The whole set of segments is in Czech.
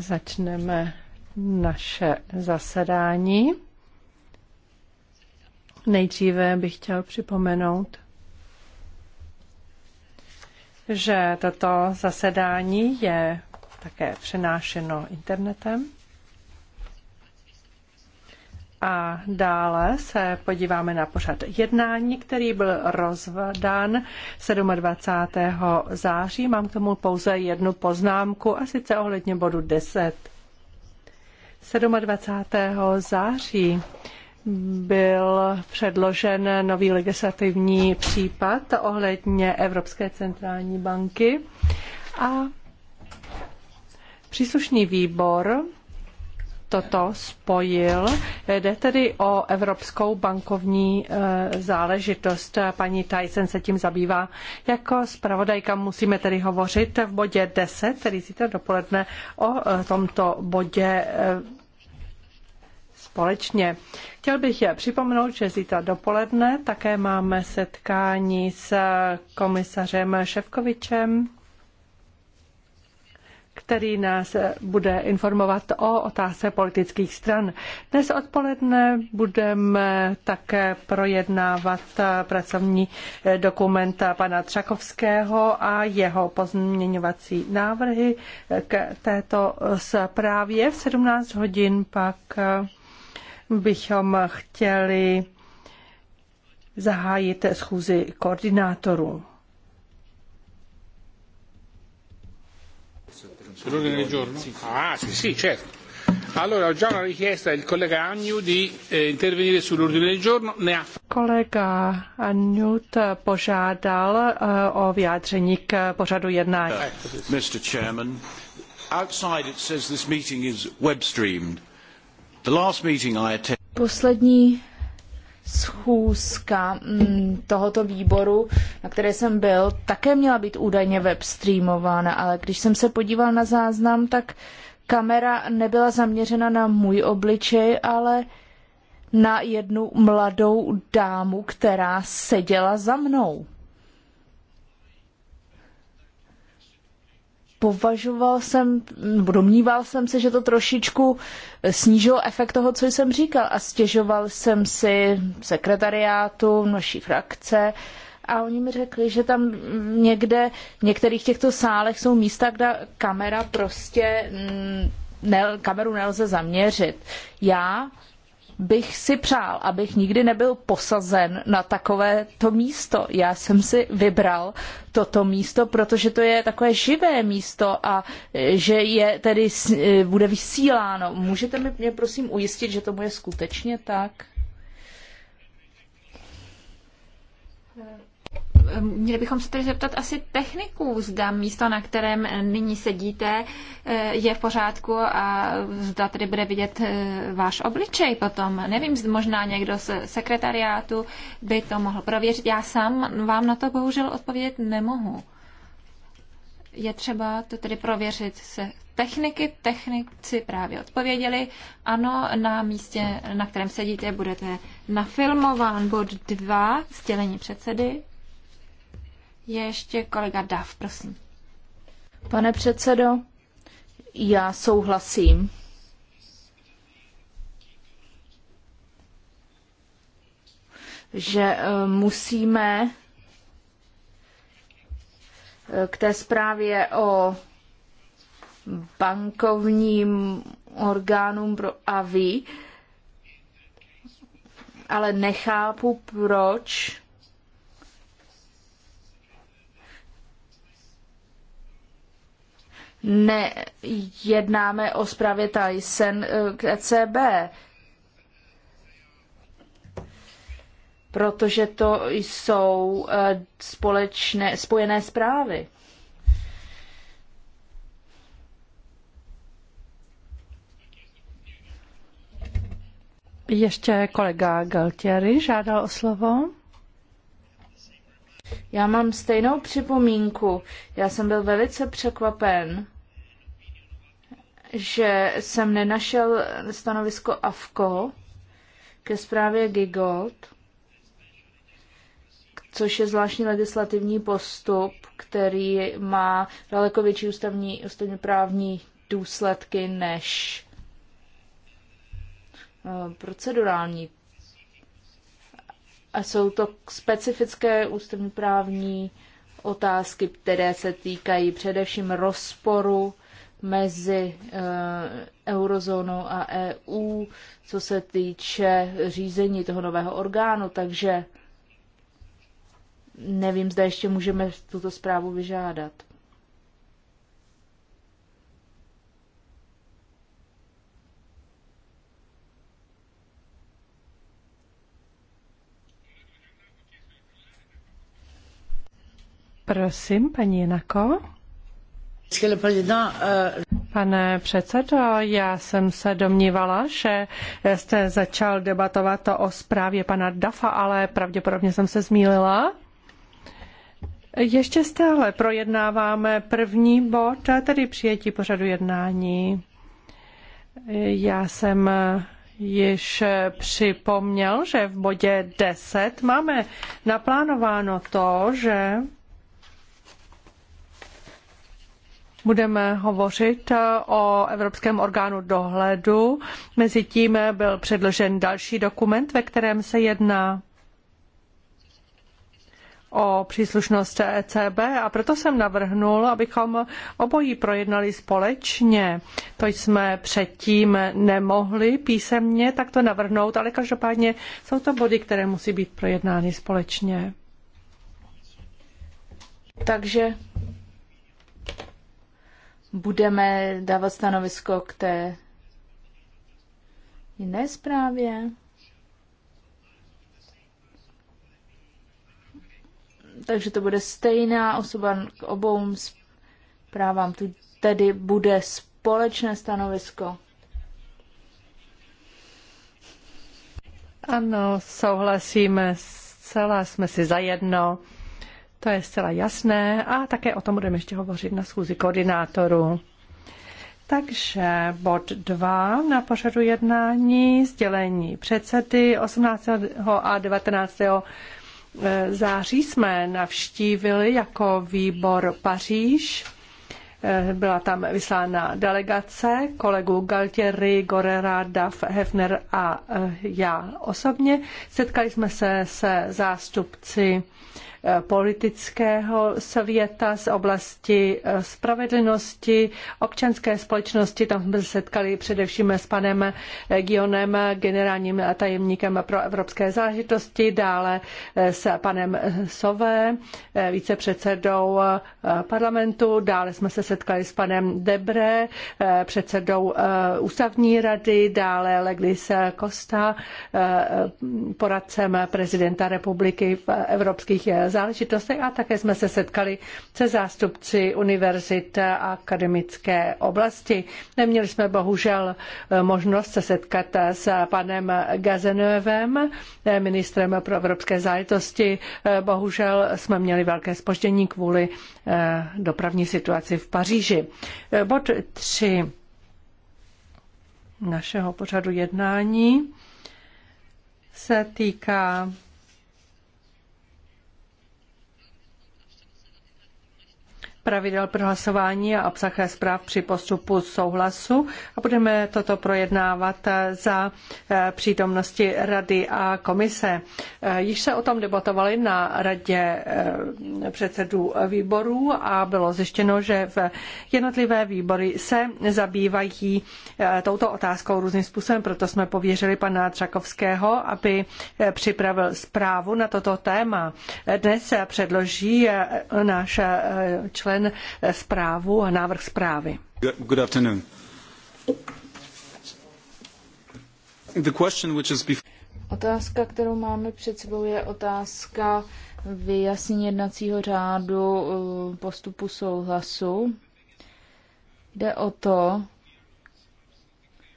Začneme naše zasedání. Nejdříve bych chtěl připomenout, že toto zasedání je také přenášeno internetem. A dále se podíváme na pořad jednání, který byl rozdán 27. září. Mám k tomu pouze jednu poznámku, a sice ohledně bodu 10. 27. září byl předložen nový legislativní případ ohledně Evropské centrální banky a příslušný výbor toto spojil. Jde tedy o Evropskou bankovní eh, záležitost. Paní Tyson se tím zabývá. Jako zpravodajka musíme tedy hovořit v bodě 10, tedy zítra dopoledne, o eh, tomto bodě eh, společně. Chtěl bych je připomenout, že zítra dopoledne také máme setkání s komisařem Ševkovičem který nás bude informovat o otázce politických stran. Dnes odpoledne budeme také projednávat pracovní dokument pana Třakovského a jeho pozměňovací návrhy k této zprávě. V 17 hodin pak bychom chtěli zahájit schůzi koordinátorů. Sull'ordine del giorno? Sì. Ah, sì, sì, certo. Allora, ho già una richiesta del collega Agnew di eh, intervenire sull'ordine del giorno. Ne ha... Kolega Agnut požádal uh, o vyjádření k pořadu jednání. Eh, uh, Mr. Chairman, outside it says this meeting is web streamed. The last meeting I attended... Poslední schůzka mm, tohoto výboru, na které jsem byl, také měla být údajně webstreamována, ale když jsem se podíval na záznam, tak kamera nebyla zaměřena na můj obličej, ale na jednu mladou dámu, která seděla za mnou. považoval jsem, nebo domníval jsem se, že to trošičku snížilo efekt toho, co jsem říkal a stěžoval jsem si sekretariátu naší frakce a oni mi řekli, že tam někde v některých těchto sálech jsou místa, kde kamera prostě ne, kameru nelze zaměřit. Já bych si přál, abych nikdy nebyl posazen na takovéto místo. Já jsem si vybral toto místo, protože to je takové živé místo a e, že je tedy e, bude vysíláno. Můžete mi mě prosím ujistit, že tomu je skutečně tak? Měli bychom se tedy zeptat asi techniků, zda místo, na kterém nyní sedíte, eh, je v pořádku a zda tedy bude vidět eh, váš obličej potom. Nevím, možná někdo z sekretariátu by to mohl prověřit. Já sám vám na to bohužel odpovědět nemohu. Je třeba to tedy prověřit se techniky. Technici právě odpověděli, ano, na místě, na kterém sedíte, budete nafilmován bod 2, sdělení předsedy je ještě kolega Dav, prosím. Pane předsedo, já souhlasím. že eh, musíme eh, k té zprávě o bankovním orgánům pro AVI, ale nechápu, proč nejednáme o zprávě Tyson eh, k ECB, protože to jsou eh, společné, spojené zprávy. Ještě kolega Galtieri žádal o slovo. Já mám stejnou připomínku. Já jsem byl velice překvapen, že jsem nenašel stanovisko AFKO ke zprávě Gigold, což je zvláštní legislativní postup, který má daleko větší ústavní, ústavně právní důsledky než eh, procedurální a jsou to specifické ústavní právní otázky, které se týkají především rozporu mezi eh, eurozónou a EU, co se týče řízení toho nového orgánu. Takže nevím, zda ještě můžeme tuto zprávu vyžádat. Prosím, paní Jinako. Pane předsedo, já jsem se domnívala, že jste začal debatovat o zprávě pana Dafa, ale pravděpodobně jsem se zmýlila. Ještě stále projednáváme první bod, tedy přijetí pořadu jednání. Já jsem již připomněl, že v bodě 10 máme naplánováno to, že budeme hovořit eh, o Evropském orgánu dohledu. Mezitím byl předložen další dokument, ve kterém se jedná o příslušnost ECB a proto jsem navrhnul, abychom obojí projednali společně. To jsme předtím nemohli písemně takto navrhnout, ale každopádně jsou to body, které musí být projednány společně. Takže budeme dávat stanovisko k té jiné zprávě. Takže to bude stejná osoba k obou zprávám. Tu tedy bude společné stanovisko. Ano, souhlasíme zcela, jsme si zajedno. To je zcela jasné a také o tom budeme ještě hovořit na schůzi koordinátorů. Takže bod 2 na pořadu jednání, sdělení předsedy 18. a 19. září jsme navštívili jako výbor Paříž. Byla tam vyslána delegace kolegů Galtieri, Gorera, Daf, Hefner a já osobně. Setkali jsme se se zástupci politického světa, z oblasti eh, spravedlnosti, občanské společnosti. Tam jsme se setkali především s panem eh, Gionem, generálním tajemníkem pro evropské záležitosti, dále eh, s panem Sové, vicepředsedou parlamentu, dále jsme se setkali s panem Debre, předsedou ústavní rady, dále Leglis Costa, poradcem prezidenta republiky v evropských záležitostech a také jsme se setkali se zástupci univerzit a akademické oblasti. Neměli jsme bohužel eh, možnost se setkat eh, s panem Gazenovem, eh, ministrem pro evropské záležitosti. Bohužel jsme měli velké spoždění kvůli dopravní situaci v Paříži. Bod 3 našeho pořadu jednání se týká pravidel pro hlasování a obsah zpráv při postupu souhlasu a budeme toto projednávat za eh, přítomnosti Rady a komise. Eh, již se o tom debatovali na Radě eh, předsedů výborů a bylo zjištěno, že v jednotlivé výbory se zabývají touto otázkou různým způsobem, proto jsme pověřili pana Třakovského, aby připravil zprávu na toto téma. Dnes předloží náš člen člen eh, zprávu a návrh zprávy. Good afternoon. The question which is before... Otázka, kterou máme před sebou, je otázka vyjasnění jednacího řádu eh, postupu souhlasu. Jde o to,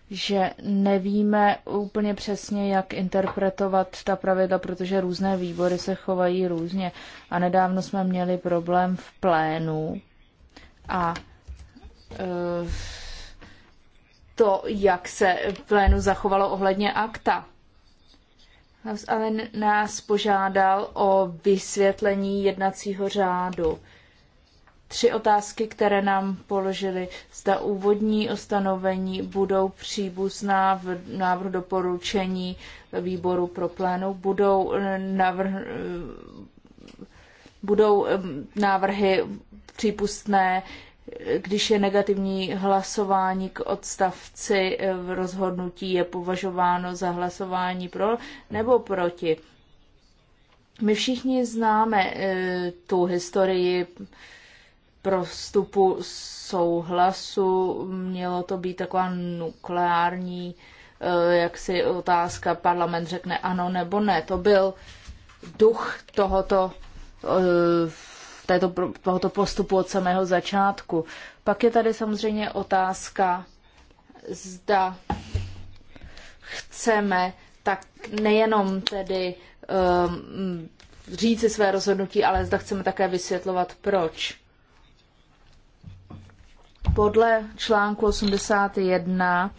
že nevíme úplně přesně, jak interpretovat ta pravidla, protože různé výbory se chovají různě. A nedávno jsme měli problém v plénu a eh, to, jak se plénu zachovalo ohledně akta. Ale nás požádal o vysvětlení jednacího řádu tři otázky, které nám položili. Zda úvodní ustanovení budou příbuzná v návrhu doporučení výboru pro plénu, budou, eh, navrh, eh, budou eh, návrhy přípustné, když je negativní hlasování k odstavci v rozhodnutí, je považováno za hlasování pro nebo proti. My všichni známe tu historii pro vstupu souhlasu. Mělo to být taková nukleární eh, jak si otázka, parlament řekne ano nebo ne. To byl duch tohoto, eh, této, tohoto postupu od samého začátku. Pak je tady samozřejmě otázka, zda chceme tak nejenom tedy um, říci své rozhodnutí, ale zda chceme také vysvětlovat proč podle článku 81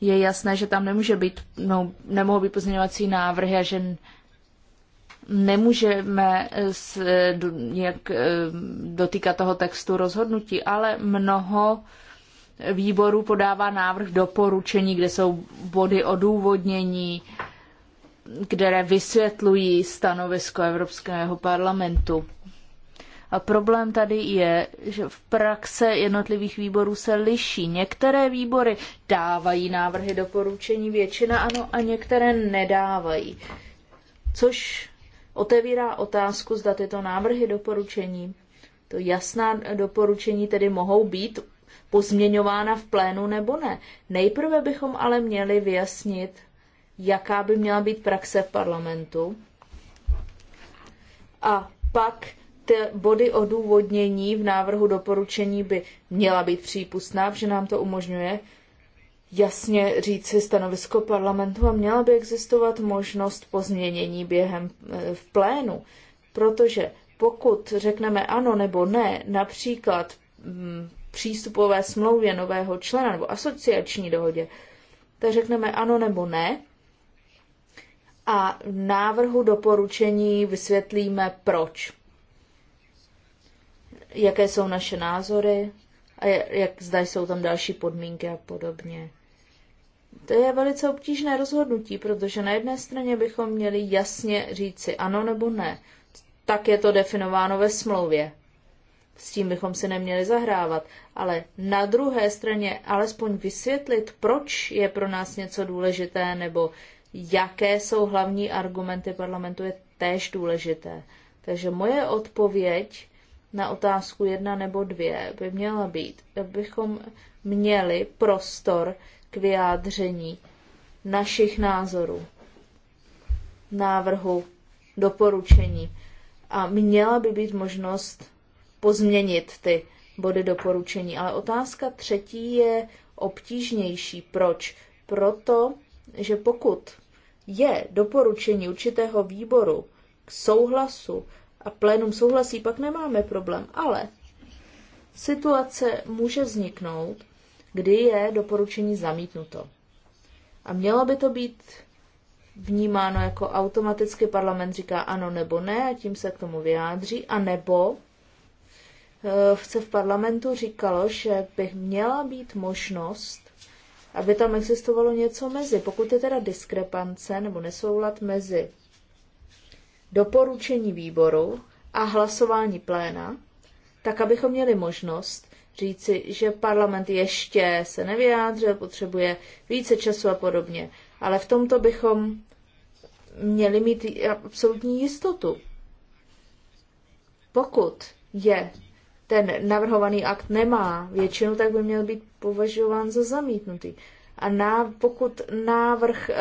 je jasné, že tam nemůže být, no, nemohou být pozměňovací návrhy a že nemůžeme s, nějak eh, dotýkat toho textu rozhodnutí, ale mnoho výborů podává návrh doporučení, kde jsou body odůvodnění, které vysvětlují stanovisko Evropského parlamentu. A problém tady je, že v praxe jednotlivých výborů se liší. Některé výbory dávají návrhy doporučení, většina ano, a některé nedávají. Což otevírá otázku, zda tyto návrhy doporučení, to jasná doporučení tedy mohou být pozměňována v plénu nebo ne. Nejprve bychom ale měli vyjasnit, jaká by měla být praxe v parlamentu. A pak ty body odůvodnění v návrhu doporučení by měla být přípustná, protože nám to umožňuje jasně říci stanovisko parlamentu a měla by existovat možnost pozměnění během eh, v plénu, protože pokud řekneme ano nebo ne, například mm, přístupové smlouvě nového člena nebo asociační dohodě, tak řekneme ano nebo ne a v návrhu doporučení vysvětlíme proč jaké jsou naše názory a jak zda jsou tam další podmínky a podobně. To je velice obtížné rozhodnutí, protože na jedné straně bychom měli jasně říci ano nebo ne. Tak je to definováno ve smlouvě. S tím bychom si neměli zahrávat. Ale na druhé straně alespoň vysvětlit, proč je pro nás něco důležité nebo jaké jsou hlavní argumenty parlamentu, je též důležité. Takže moje odpověď na otázku jedna nebo dvě by měla být, abychom měli prostor k vyjádření našich názorů, návrhu, doporučení. A měla by být možnost pozměnit ty body doporučení. Ale otázka třetí je obtížnější. Proč? Proto, že pokud je doporučení určitého výboru k souhlasu a plénum souhlasí, pak nemáme problém. Ale situace může vzniknout, kdy je doporučení zamítnuto. A mělo by to být vnímáno jako automaticky parlament říká ano nebo ne a tím se k tomu vyjádří, a nebo eh, se v parlamentu říkalo, že by měla být možnost, aby tam existovalo něco mezi. Pokud je teda diskrepance nebo nesoulad mezi doporučení výboru a hlasování pléna, tak abychom měli možnost říci, že parlament ještě se nevyjádřil, potřebuje více času a podobně. Ale v tomto bychom měli mít absolutní jistotu. Pokud je ten navrhovaný akt nemá většinu, tak by měl být považován za zamítnutý. A na pokud návrh e,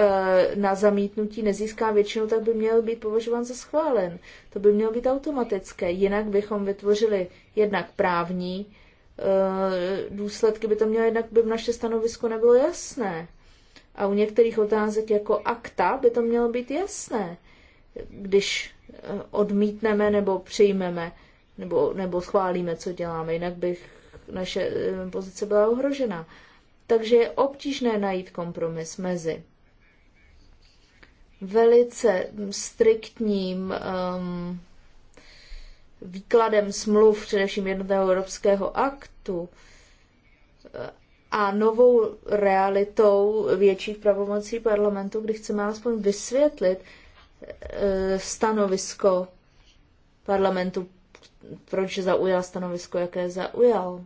na zamítnutí nezíská většinu, tak by měl být považován za schválen. To by mělo být automatické. Jinak bychom vytvořili jednak právní e, důsledky, by to mělo jednak, by naše stanovisko nebylo jasné. A u některých otázek jako akta by to mělo být jasné, když eh, odmítneme nebo přijmeme nebo, nebo schválíme, co děláme. Jinak bych naše pozice byla ohrožena takže je obtížné najít kompromis mezi velice striktním um, výkladem smluv, především jednotného evropského aktu, a novou realitou větších pravomocí parlamentu, kdy chceme alespoň vysvětlit eh, stanovisko parlamentu, proč zaujal stanovisko, jaké zaujal.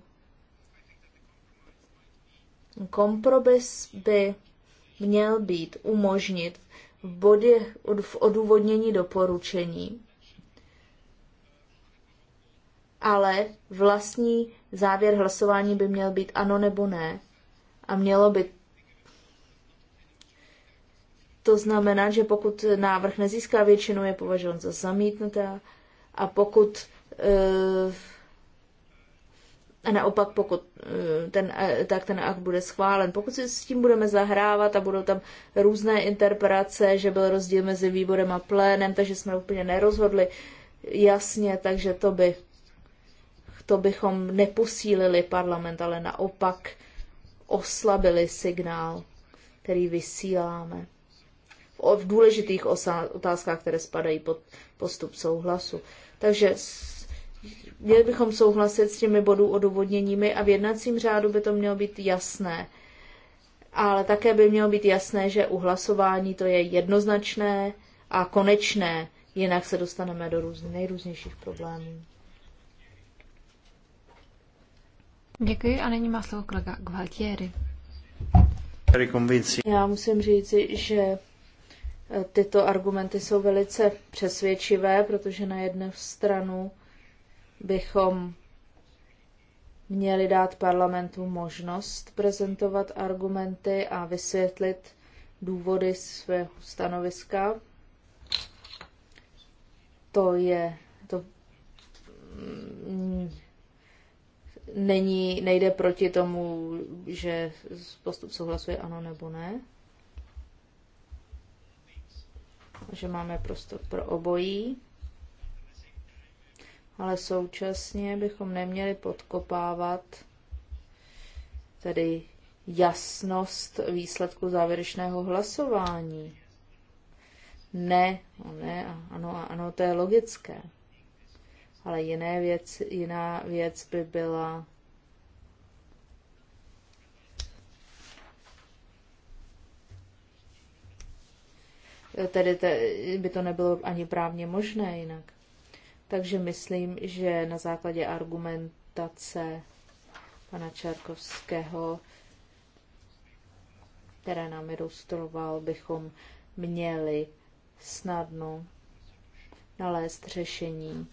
Kompromis by měl být umožnit v bodě v odůvodnění doporučení, ale vlastní závěr hlasování by měl být ano nebo ne. A mělo by to znamená, že pokud návrh nezíská většinu, je považován za zamítnutá a pokud uh, a naopak, pokud eh, ten, eh, tak ten akt bude schválen. Pokud si s tím budeme zahrávat a budou tam různé interpretace, že byl rozdíl mezi výborem a plénem, takže jsme úplně nerozhodli jasně, takže to by to bychom neposílili parlament, ale naopak oslabili signál, který vysíláme v důležitých otázkách, které spadají pod postup souhlasu. Takže měli bychom souhlasit s těmi bodů odůvodněními a v jednacím řádu by to mělo být jasné. Ale také by mělo být jasné, že u hlasování to je jednoznačné a konečné, jinak se dostaneme do růz, nejrůznějších problémů. Děkuji a nyní má slovo kolega Gvaltieri. Já musím říct, že e, tyto argumenty jsou velice přesvědčivé, protože na jednu stranu bychom měli dát parlamentu možnost prezentovat argumenty a vysvětlit důvody svého stanoviska. To je, to mm, není, nejde proti tomu, že postup souhlasuje ano nebo ne. Že máme prostor pro obojí ale současně bychom neměli podkopávat tedy jasnost výsledku závěrečného hlasování. Ne, ne, ano, ano, to je logické. Ale jiné věc, jiná věc by byla tedy te, by to nebylo ani právně možné jinak. Takže myslím, že na základě argumentace pana Čarkovského, které nám ilustroval, bychom měli snadno nalézt řešení.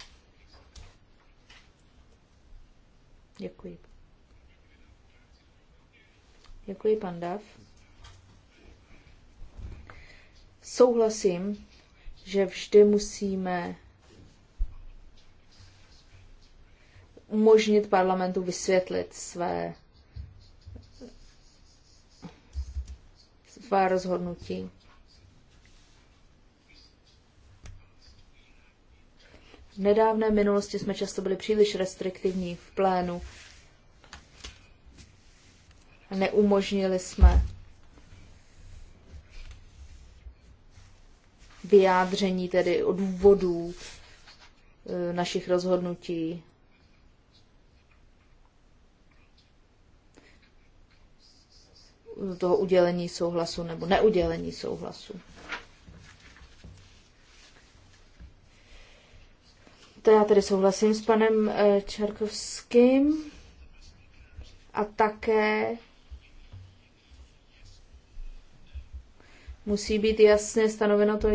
Děkuji. Děkuji, pan Dav. Souhlasím, že vždy musíme umožnit parlamentu vysvětlit své, své rozhodnutí. V nedávné minulosti jsme často byli příliš restriktivní v plénu. Neumožnili jsme vyjádření tedy odůvodů e, našich rozhodnutí toho udělení souhlasu nebo neudělení souhlasu. To já tedy souhlasím s panem eh, Čarkovským a také musí být jasně stanoveno to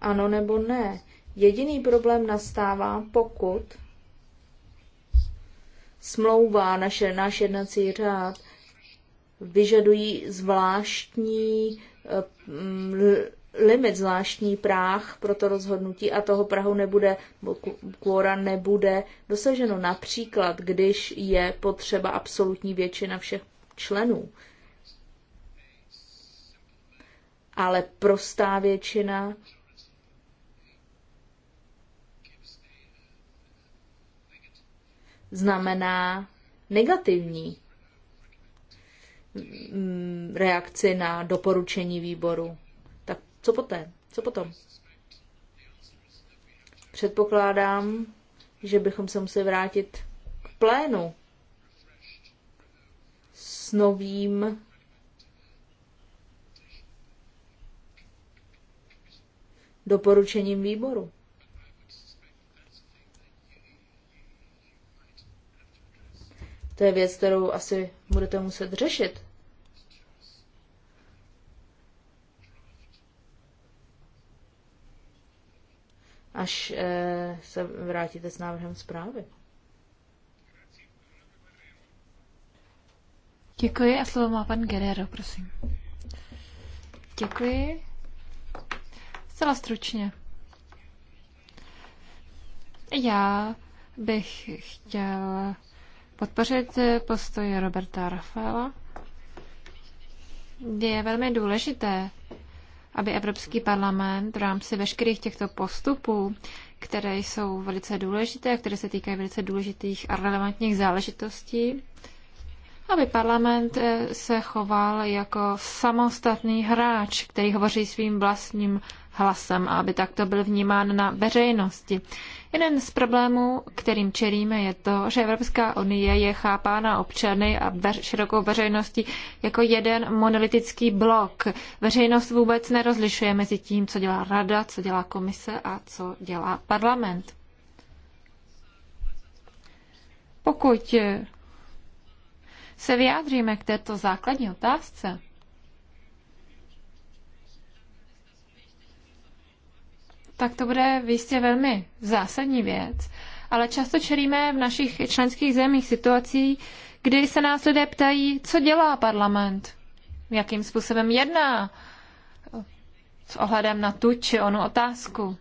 ano nebo ne. Jediný problém nastává, pokud smlouvá naše, náš jednací řád vyžadují zvláštní eh, limit, zvláštní práh pro to rozhodnutí a toho prahu nebude, kvora nebude dosaženo. Například, když je potřeba absolutní většina všech členů. Ale prostá většina znamená negativní Mm, reakci na doporučení výboru. Tak co poté? Co potom? Předpokládám, že bychom se museli vrátit k plénu s novým doporučením výboru. To je věc, kterou asi budete muset řešit až eh, se vrátíte s návrhem zprávy. Děkuji a slovo má pan Guerrero, prosím. Děkuji. Zcela stručně. Já bych chtěl podpořit postoj Roberta Rafaela. Je velmi důležité, aby Evropský parlament v rámci veškerých těchto postupů, které jsou velice důležité a které se týkají velice důležitých a relevantních záležitostí, aby parlament eh, se choval jako samostatný hráč, který hovoří svým vlastním hlasem a aby takto byl vnímán na veřejnosti. Jeden z problémů, kterým čelíme, je to, že Evropská unie je chápána občany a veř, širokou veřejností jako jeden monolitický blok. Veřejnost vůbec nerozlišuje mezi tím, co dělá rada, co dělá komise a co dělá parlament. Pokud eh, se vyjádříme k této základní otázce, tak to bude jistě velmi zásadní věc. Ale často čelíme v našich členských zemích situací, kdy se nás lidé ptají, co dělá parlament, jakým způsobem jedná s ohledem na tu či onu otázku.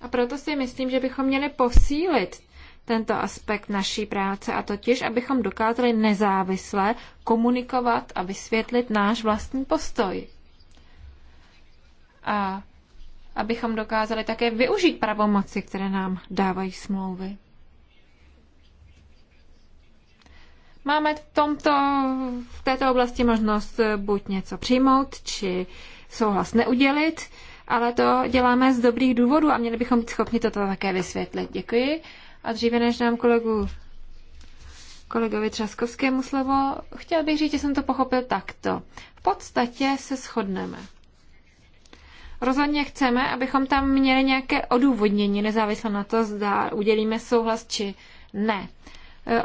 A proto si myslím, že bychom měli posílit tento aspekt naší práce a totiž, abychom dokázali nezávisle komunikovat a vysvětlit náš vlastní postoj. A abychom dokázali také využít pravomoci, které nám dávají smlouvy. Máme v, tomto, v této oblasti možnost buď něco přijmout, či souhlas neudělit, ale to děláme z dobrých důvodů a měli bychom být schopni toto také vysvětlit. Děkuji. A dříve než dám kolegu, kolegovi Třaskovskému slovo, chtěl bych říct, že jsem to pochopil takto. V podstatě se shodneme. Rozhodně chceme, abychom tam měli nějaké odůvodnění, nezávisle na to, zda udělíme souhlas či ne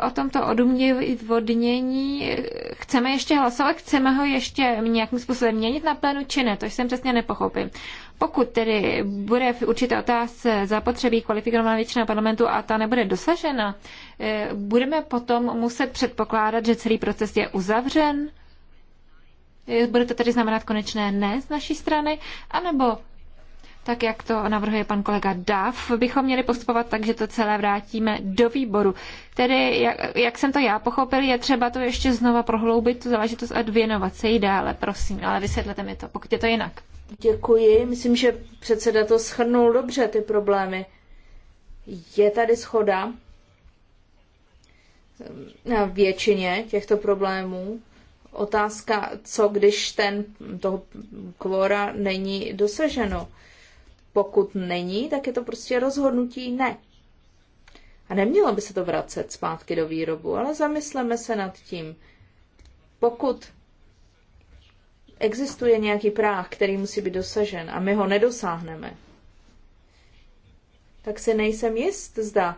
o tomto odůvodnění chceme ještě hlasovat, chceme ho ještě nějakým způsobem měnit na plénu, či ne, to jsem přesně nepochopil. Pokud tedy bude v určité otázce zapotřebí kvalifikovaná většina parlamentu a ta nebude dosažena, eh, budeme potom muset předpokládat, že celý proces je uzavřen? Eh, bude to tedy znamenat konečné ne z naší strany? anebo tak jak to navrhuje pan kolega Dav, bychom měli postupovat tak, že to celé vrátíme do výboru. Tedy, jak, jak jsem to já pochopil, je třeba to ještě znova prohloubit, tu záležitost a věnovat se jí dále, prosím, ale vysvětlete mi to, pokud je to jinak. Děkuji, myslím, že předseda to schrnul dobře, ty problémy. Je tady schoda na většině těchto problémů, otázka, co když ten toho kvora není dosaženo. Pokud není, tak je to prostě rozhodnutí ne. A nemělo by se to vracet zpátky do výrobu, ale zamysleme se nad tím. Pokud existuje nějaký práh, který musí být dosažen a my ho nedosáhneme, tak si nejsem jist, zda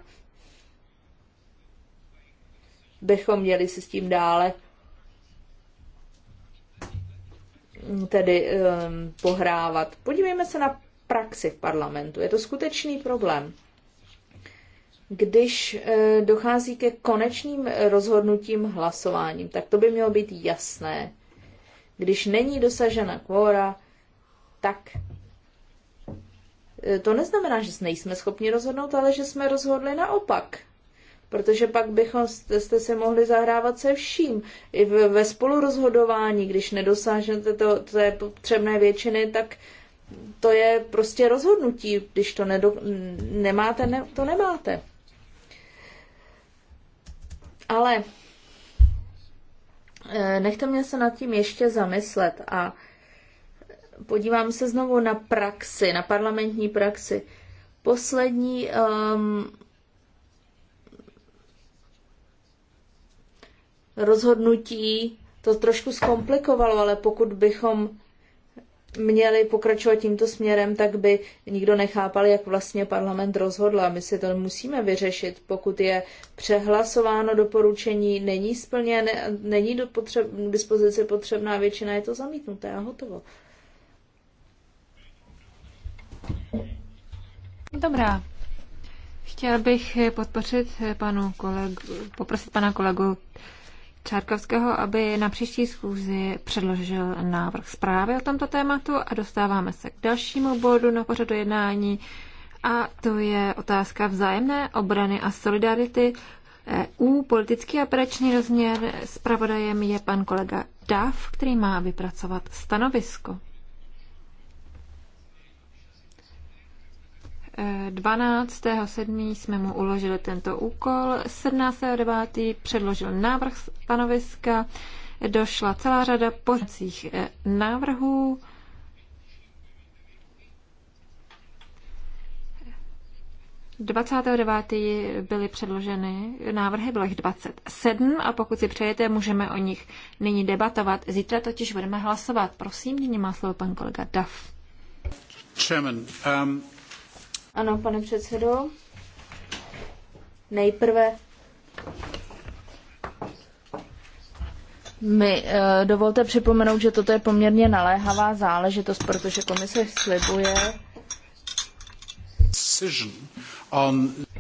bychom měli si s tím dále tedy um, pohrávat. Podívejme se na praxi v parlamentu. Je to skutečný problém. Když eh, dochází ke konečným rozhodnutím hlasováním, tak to by mělo být jasné. Když není dosažena kvóra, tak eh, to neznamená, že nejsme schopni rozhodnout, ale že jsme rozhodli naopak. Protože pak bychom jste se mohli zahrávat se vším. I ve spolurozhodování, když nedosáhnete to, to je potřebné většiny, tak to je prostě rozhodnutí, když to nedo, nemáte, ne, to nemáte. Ale eh, nechte mě se nad tím ještě zamyslet a podívám se znovu na praxi, na parlamentní praxi. Poslední um, rozhodnutí to trošku zkomplikovalo, ale pokud bychom měli pokračovat tímto směrem, tak by nikdo nechápal, jak vlastně parlament rozhodl. A my si to musíme vyřešit. Pokud je přehlasováno doporučení, není splněn, není do potřeb, k dispozici potřebná většina, je to zamítnuté a hotovo. Dobrá. Chtěla bych podpořit panu kolegu, poprosit pana kolegu Čárkovského, aby na příští schůzi předložil návrh zprávy o tomto tématu a dostáváme se k dalšímu bodu na pořadu jednání a to je otázka vzájemné obrany a solidarity EU. Politický a operační rozměr Spravodajem je pan kolega Dav, který má vypracovat stanovisko. 12.7. jsme mu uložili tento úkol, 17.9. předložil návrh stanoviska, došla celá řada pořadcích eh, návrhů. Dvacátého 29. byly předloženy návrhy, bylo jich 27 a pokud si přejete, můžeme o nich nyní debatovat. Zítra totiž budeme hlasovat. Prosím, nyní má slovo pan kolega Duff. Chairman, um... Ano, pane předsedo. Nejprve mi eh, dovolte připomenout, že toto je poměrně naléhavá záležitost, protože komise slibuje,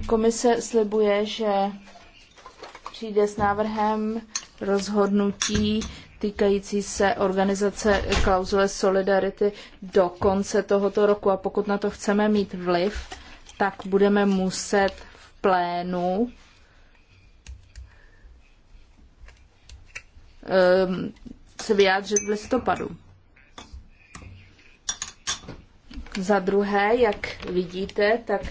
Komise slibuje, že přijde s návrhem rozhodnutí týkající se organizace klauzule Solidarity do konce tohoto roku a pokud na to chceme mít vliv, tak budeme muset v plénu ehm, se vyjádřit v listopadu. Za druhé, jak vidíte, tak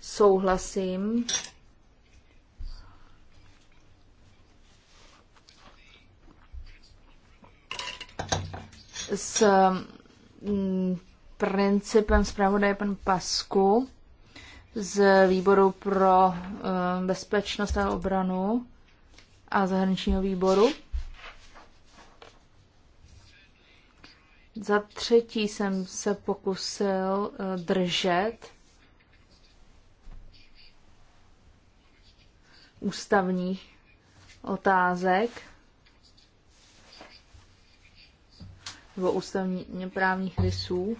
souhlasím s mm, principem zpravodaje pan Pasku z výboru pro eh, bezpečnost a obranu a zahraničního výboru. Za třetí jsem se pokusil eh, držet ústavních otázek. nebo ústavně právních rysů.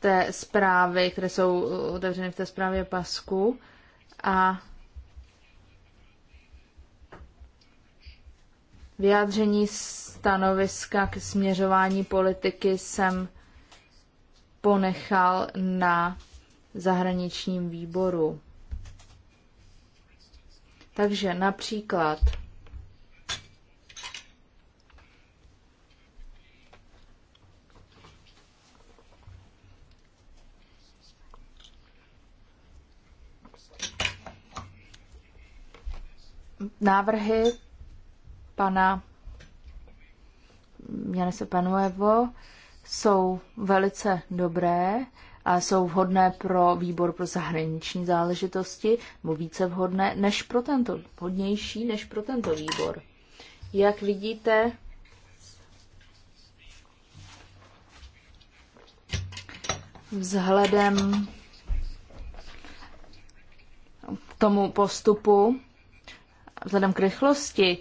té zprávy, které jsou otevřeny v té zprávě pasku a vyjádření stanoviska k směřování politiky jsem ponechal na zahraničním výboru. Takže například návrhy pana Janese Panuevo jsou velice dobré a jsou vhodné pro výbor pro zahraniční záležitosti, nebo více vhodné než pro tento, vhodnější než pro tento výbor. Jak vidíte, vzhledem k tomu postupu, vzhledem k rychlosti,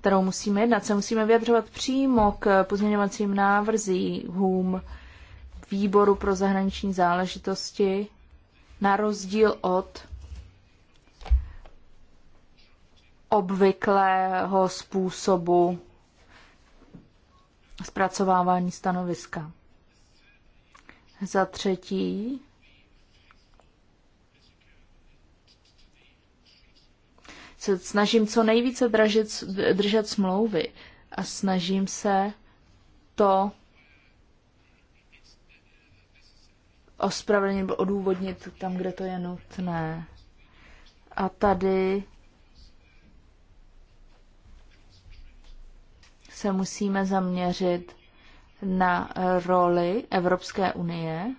kterou musíme jednat, se musíme vyjadřovat přímo k pozměňovacím návrzím výboru pro zahraniční záležitosti, na rozdíl od obvyklého způsobu zpracovávání stanoviska. Za třetí, se snažím co nejvíce držet, držet smlouvy a snažím se to ospravedlnit nebo odůvodnit tam, kde to je nutné. A tady se musíme zaměřit na roli Evropské unie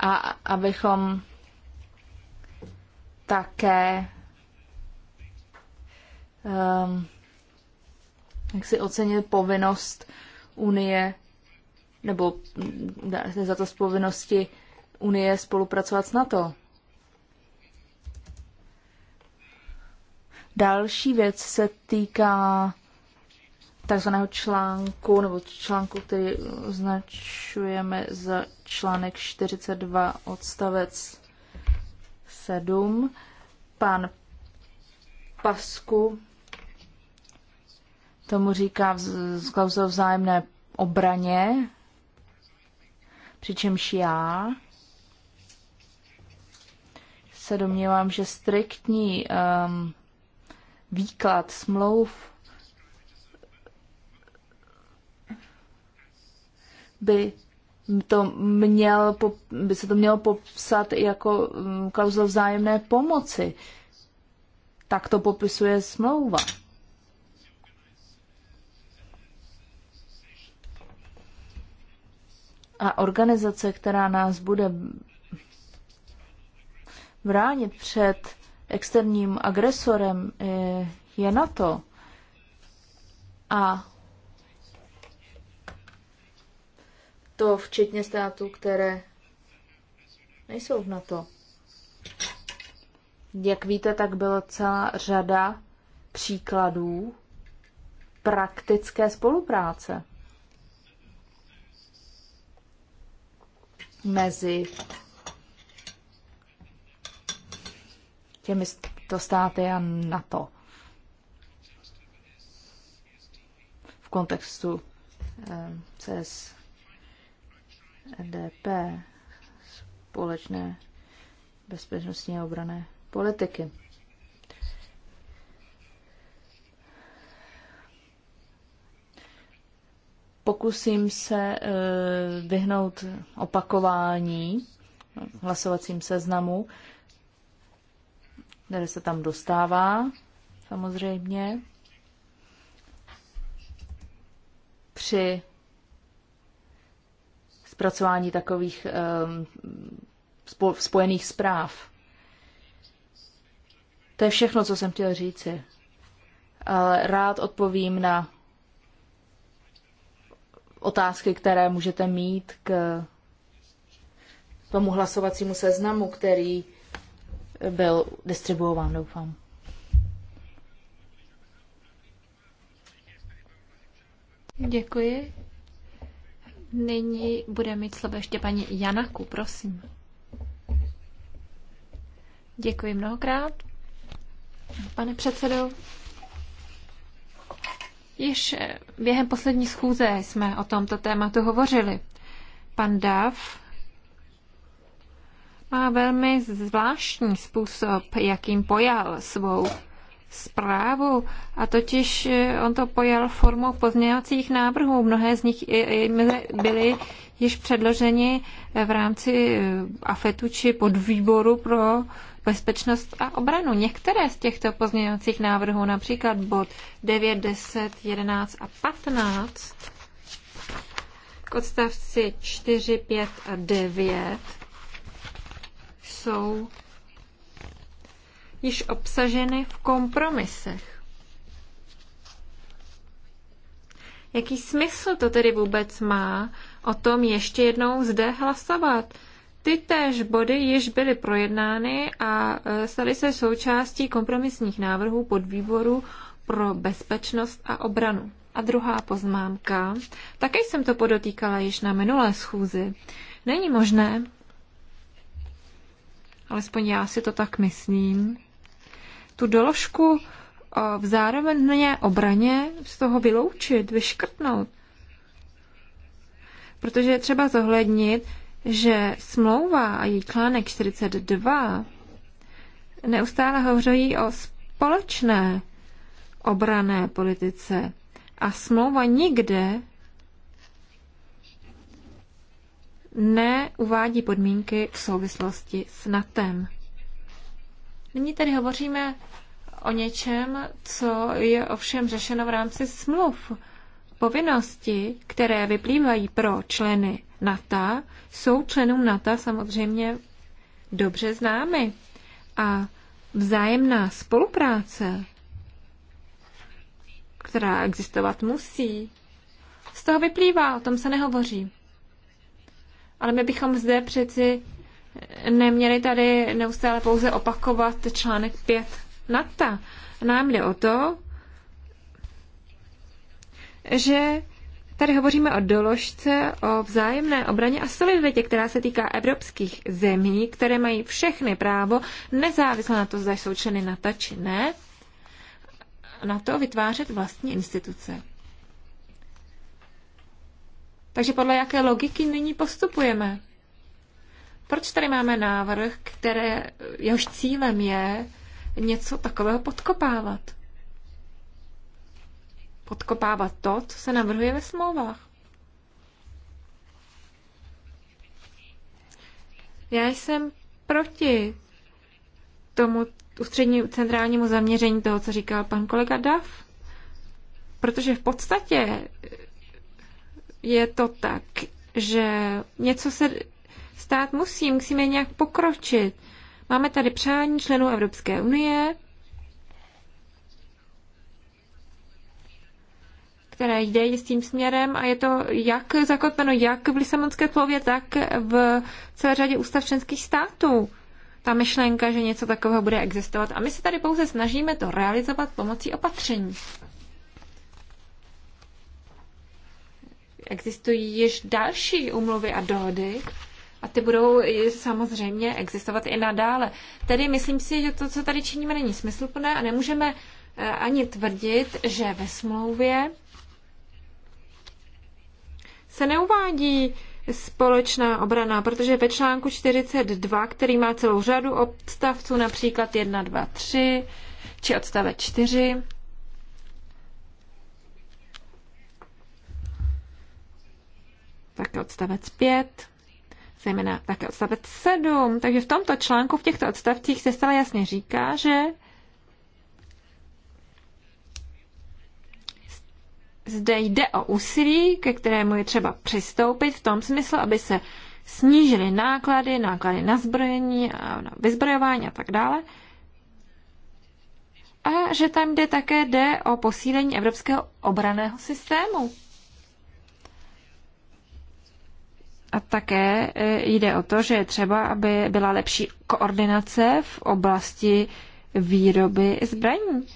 a abychom také um, jak si ocenit povinnost Unie nebo za to z povinnosti Unie spolupracovat s NATO. Další věc se týká takzvaného článku, nebo článku, který označujeme za článek 42 odstavec 7. Pan Pasku tomu říká z klauzou vzájemné obraně, přičemž já se domnívám, že striktní um, výklad smlouv by to měl, by se to mělo popsat jako mm, klauzul vzájemné pomoci. Tak to popisuje smlouva. A organizace, která nás bude vránit před externím agresorem, eh, je na to A to včetně států, které nejsou v NATO. Jak víte, tak byla celá řada příkladů praktické spolupráce mezi těmi to státy a NATO v kontextu eh, CS NDP, e společné bezpečnostní a obrané politiky. Pokusím se e, vyhnout opakování hlasovacím seznamu, které se tam dostává, samozřejmě. Při zpracování takových ehm, spojených zpráv. To je všechno, co jsem chtěl říci. Ale rád odpovím na otázky, které můžete mít k tomu hlasovacímu seznamu, který byl distribuován, doufám. Děkuji. Nyní bude mít slovo ještě paní Janaku, prosím. Děkuji mnohokrát. Pane předsedo, již během poslední schůze jsme o tomto tématu hovořili. Pan Dav má velmi zvláštní způsob, jakým pojal svou zprávu a totiž eh, on to pojal formou pozměňovacích návrhů. Mnohé z nich byly již předloženi eh, v rámci eh, AFETu či podvýboru pro bezpečnost a obranu. Některé z těchto pozměňovacích návrhů, například bod 9, 10, 11 a 15, k odstavci 4, 5 a 9, jsou již obsaženy v kompromisech. Jaký smysl to tedy vůbec má o tom ještě jednou zde hlasovat? Ty též body již byly projednány a e, staly se součástí kompromisních návrhů pod výboru pro bezpečnost a obranu. A druhá poznámka, také jsem to podotýkala již na minulé schůzi. Není možné, alespoň já si to tak myslím, tu doložku eh, v zároveň obraně z toho vyloučit, vyškrtnout. Protože je třeba zohlednit, že smlouva a její článek 42 neustále hovoří o společné obrané politice a smlouva nikde neuvádí podmínky v souvislosti s NATEM. Nyní tady hovoříme o něčem, co je ovšem řešeno v rámci smluv. Povinnosti, které vyplývají pro členy NATO, jsou členům NATO samozřejmě dobře známy. A vzájemná spolupráce, která existovat musí, z toho vyplývá, o tom se nehovoří. Ale my bychom zde přeci neměli tady neustále pouze opakovat článek 5 NATA. Nám jde o to, že tady hovoříme o doložce o vzájemné obraně a solidaritě, která se týká evropských zemí, které mají všechny právo, nezávisle na to, zda jsou členy NATO či ne, na to vytvářet vlastní instituce. Takže podle jaké logiky nyní postupujeme? Proč tady máme návrh, které, jehož cílem je něco takového podkopávat? Podkopávat to, co se navrhuje ve smlouvách. Já jsem proti tomu ústřední centrálnímu zaměření toho, co říkal pan kolega Duff. Protože v podstatě je to tak, že něco se stát musí, musíme nějak pokročit. Máme tady přání členů Evropské unie, které jde jistým směrem a je to jak zakotveno jak v Lisabonské plově, tak v celé řadě ústav členských států. Ta myšlenka, že něco takového bude existovat. A my se tady pouze snažíme to realizovat pomocí opatření. Existují již další umluvy a dohody, a ty budou samozřejmě existovat i nadále. Tedy myslím si, že to, co tady činíme, není smysluplné a nemůžeme eh, ani tvrdit, že ve smlouvě se neuvádí společná obrana, protože ve článku 42, který má celou řadu odstavců, například 1, 2, 3 či odstavec 4, také odstavec 5, zejména také odstavec 7. Takže v tomto článku, v těchto odstavcích se stále jasně říká, že zde jde o úsilí, ke kterému je třeba přistoupit v tom smyslu, aby se snížily náklady, náklady na zbrojení a na vyzbrojování a tak dále. A že tam jde také jde o posílení evropského obraného systému. A také e, jde o to, že je třeba, aby byla lepší koordinace v oblasti výroby zbraní.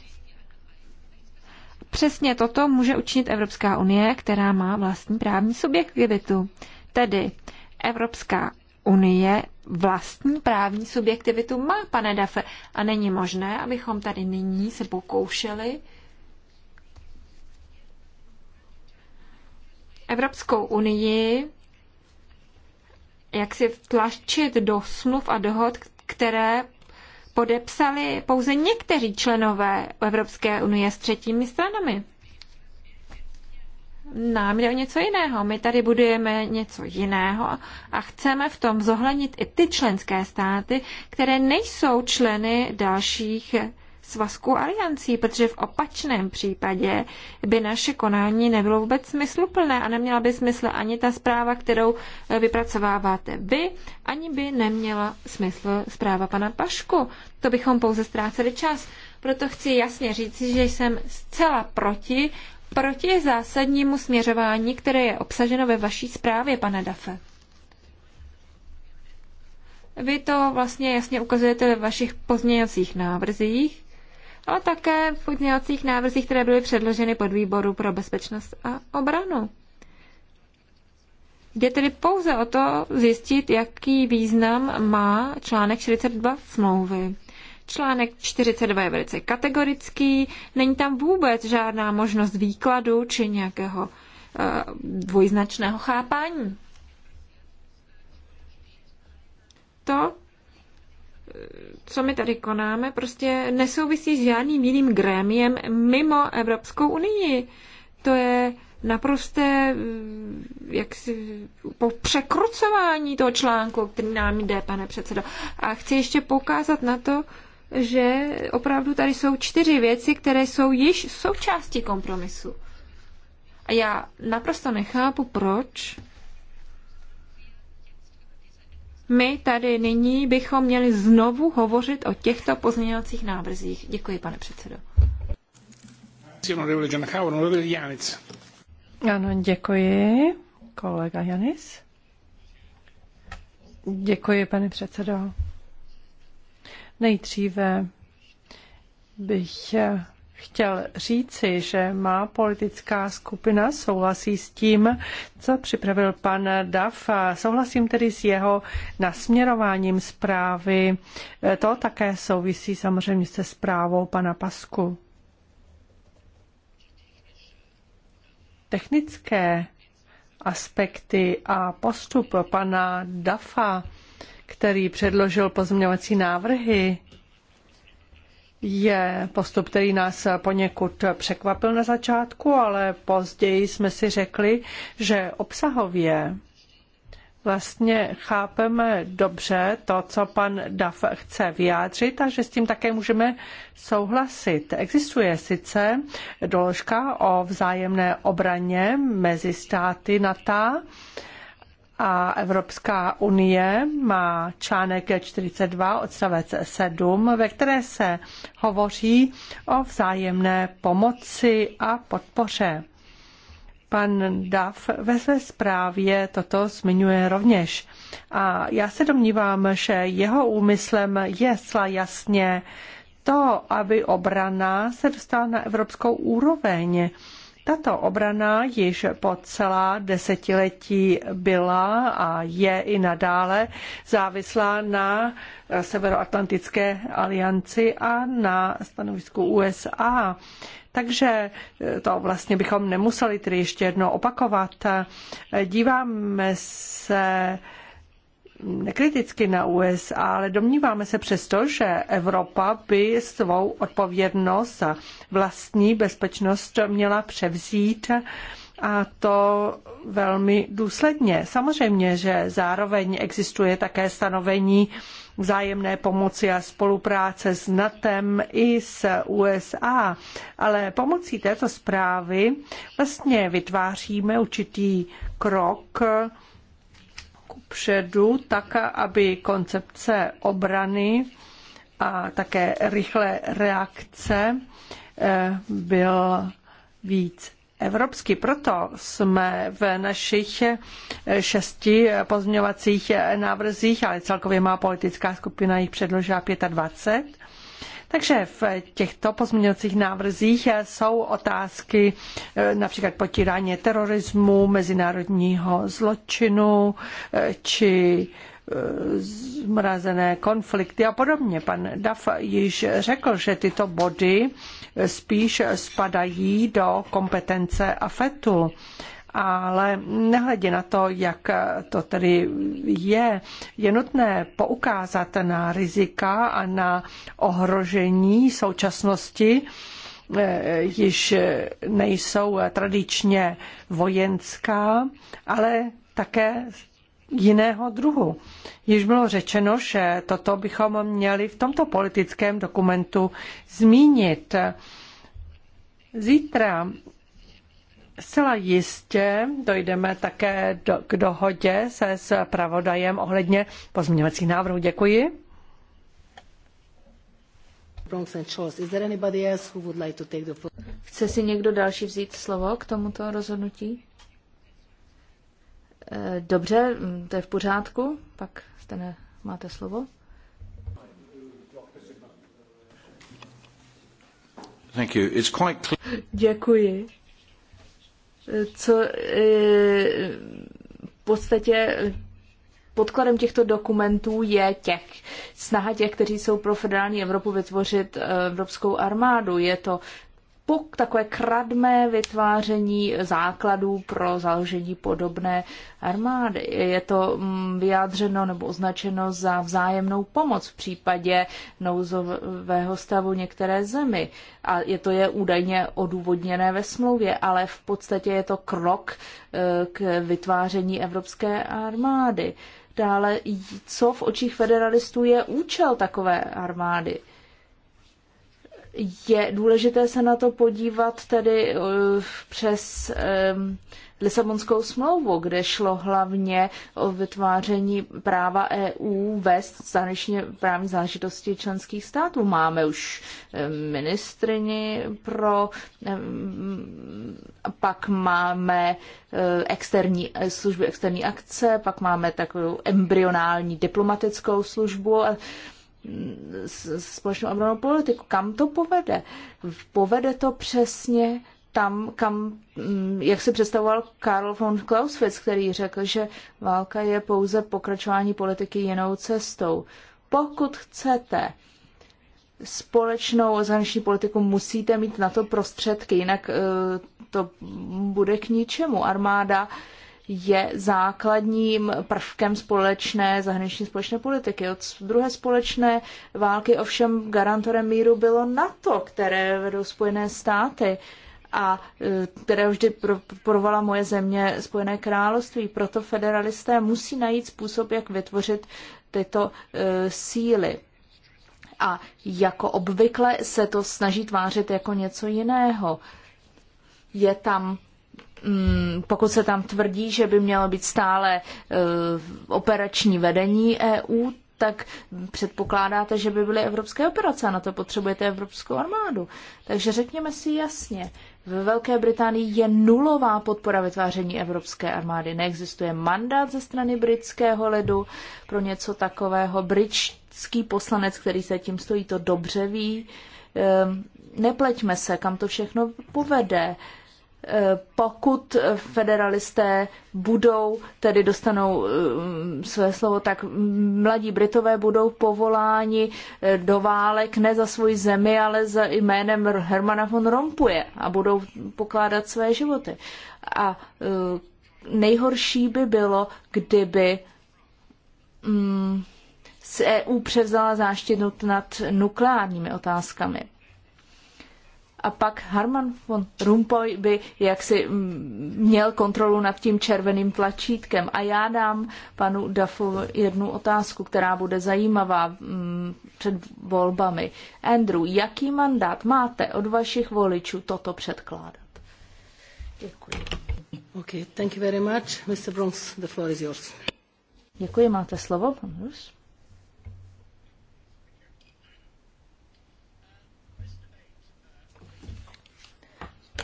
Přesně toto může učinit Evropská unie, která má vlastní právní subjektivitu. Tedy Evropská unie vlastní právní subjektivitu má, pane Dafe, a není možné, abychom tady nyní se pokoušeli Evropskou unii jak si tlačit do smluv a dohod, které podepsali pouze někteří členové Evropské unie s třetími stranami. Nám jde o něco jiného. My tady budujeme něco jiného a chceme v tom zohlednit i ty členské státy, které nejsou členy dalších svazku aliancí, protože v opačném případě by naše konání nebylo vůbec smysluplné a neměla by smysl ani ta zpráva, kterou eh, vypracováváte vy, ani by neměla smysl zpráva pana Pašku. To bychom pouze ztráceli čas. Proto chci jasně říci, že jsem zcela proti, proti zásadnímu směřování, které je obsaženo ve vaší zprávě, pane Dafe. Vy to vlastně jasně ukazujete ve vašich pozměňovacích návrzích ale také v podněvacích návrzích, které byly předloženy pod výboru pro bezpečnost a obranu. Jde tedy pouze o to zjistit, jaký význam má článek 42 smlouvy. Článek 42 je velice kategorický, není tam vůbec žádná možnost výkladu či nějakého uh, dvojznačného chápání. To co my tady konáme, prostě nesouvisí s žádným jiným grémiem mimo Evropskou unii. To je naprosté mm, si, po překrucování toho článku, který nám jde, pane předsedo. A chci ještě poukázat na to, že opravdu tady jsou čtyři věci, které jsou již součástí kompromisu. A já naprosto nechápu, proč my tady nyní bychom měli znovu hovořit o těchto pozměňovacích návrzích. Děkuji, pane předsedo. Ano, děkuji. Kolega Janis. Děkuji, pane předsedo. Nejdříve bych chtěl říci, že má politická skupina souhlasí s tím, co připravil pan Dav. Souhlasím tedy s jeho nasměrováním zprávy. E, to také souvisí samozřejmě se zprávou pana Pasku. Technické aspekty a postup pana Dafa, který předložil pozměňovací návrhy, je postup, který nás poněkud překvapil na začátku, ale později jsme si řekli, že obsahově vlastně chápeme dobře to, co pan Duff chce vyjádřit a že s tím také můžeme souhlasit. Existuje sice doložka o vzájemné obraně mezi státy NATO, a Evropská unie má článek 42 odstavec 7, ve které se hovoří o vzájemné pomoci a podpoře. Pan Duff ve své zprávě toto zmiňuje rovněž. A já se domnívám, že jeho úmyslem je zcela jasně to, aby obrana se dostala na evropskou úroveň tato obrana již po celá desetiletí byla a je i nadále závislá na Severoatlantické alianci a na stanovisku USA. Takže e, to vlastně bychom nemuseli tedy ještě jednou opakovat. Díváme se nekriticky na USA, ale domníváme se přesto, že Evropa by svou odpovědnost za vlastní bezpečnost měla převzít a to velmi důsledně. Samozřejmě, že zároveň existuje také stanovení vzájemné pomoci a spolupráce s NATEM i s USA, ale pomocí této zprávy vlastně vytváříme určitý krok dopředu, tak aby koncepce obrany a také rychlé reakce eh, byl víc evropský. Proto jsme v našich eh, šesti pozměňovacích eh, návrzích, ale celkově má politická skupina jich předložila 25, takže v těchto pozměňovacích návrzích jsou otázky eh, například potírání terorismu, mezinárodního zločinu eh, či eh, zmrazené konflikty a podobně. Pan Daf již řekl, že tyto body spíš spadají do kompetence AFETu ale nehledě na to, jak to tedy je, je nutné poukázat na rizika a na ohrožení současnosti, eh, již nejsou tradičně vojenská, ale také jiného druhu. Již bylo řečeno, že toto bychom měli v tomto politickém dokumentu zmínit. Zítra Zcela jistě dojdeme také do, k dohodě se s pravodajem ohledně pozměňovacích návrhů. Děkuji. Chce si někdo další vzít slovo k tomuto rozhodnutí? Eh, dobře, mm, to je v pořádku, pak jste ne, máte slovo. Děkuji co e, v podstatě podkladem těchto dokumentů je těch snaha těch, kteří jsou pro federální Evropu vytvořit e, evropskou armádu. Je to pok, takové kradmé vytváření základů pro založení podobné armády. Je to mm, vyjádřeno nebo označeno za vzájemnou pomoc v případě nouzového stavu některé zemi. A je to je údajně odůvodněné ve smlouvě, ale v podstatě je to krok e, k vytváření evropské armády. Dále, co v očích federalistů je účel takové armády? je důležité se na to podívat tedy eh, přes ehm, Lisabonskou smlouvu, kde šlo hlavně o vytváření práva EU vést zahraničně právní záležitosti členských států. Máme už ehm, ministrini pro, ehm, pak máme eh, externí eh, služby, externí akce, pak máme takovou embryonální diplomatickou službu a společnou obrannou politiku. Kam to povede? Povede to přesně tam, kam, mm, jak si představoval Karl von Clausewitz, který řekl, že válka je pouze pokračování politiky jinou cestou. Pokud chcete společnou zahraniční politiku, musíte mít na to prostředky, jinak eh, to bude k ničemu. Armáda je základním prvkem společné zahraniční společné politiky. Od druhé společné války ovšem garantorem míru bylo NATO, které vedou Spojené státy a e, které vždy podporovala moje země Spojené království. Proto federalisté musí najít způsob, jak vytvořit tyto uh, síly. A jako obvykle se to snaží tvářit jako něco jiného. Je tam Mm, pokud se tam tvrdí, že by mělo být stále eh, operační vedení EU, tak předpokládáte, že by byly evropské operace a na to potřebujete evropskou armádu. Takže řekněme si jasně, ve Velké Británii je nulová podpora vytváření evropské armády. Neexistuje mandát ze strany britského lidu pro něco takového. Britský poslanec, který se tím stojí, to dobře ví. Ehm, nepleťme se, kam to všechno povede pokud federalisté budou, tedy dostanou eh, své slovo, tak mladí Britové budou povoláni eh, do válek ne za svoji zemi, ale za jménem Hermana von Rompuje a budou pokládat své životy. A eh, nejhorší by bylo, kdyby mm, z EU převzala záštětu nad nukleárními otázkami a pak Harman von Rumpoy by jaksi měl kontrolu nad tím červeným tlačítkem. A já dám panu Dafu jednu otázku, která bude zajímavá mm, před volbami. Andrew, jaký mandát máte od vašich voličů toto předkládat? Děkuji. Okay, thank you very much. Mr. Bronx, the floor is yours. Děkuji, máte slovo, pan Bruce.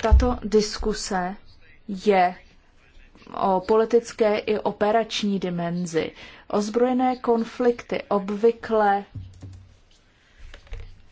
Tato diskuse je o politické i operační dimenzi. Ozbrojené konflikty obvykle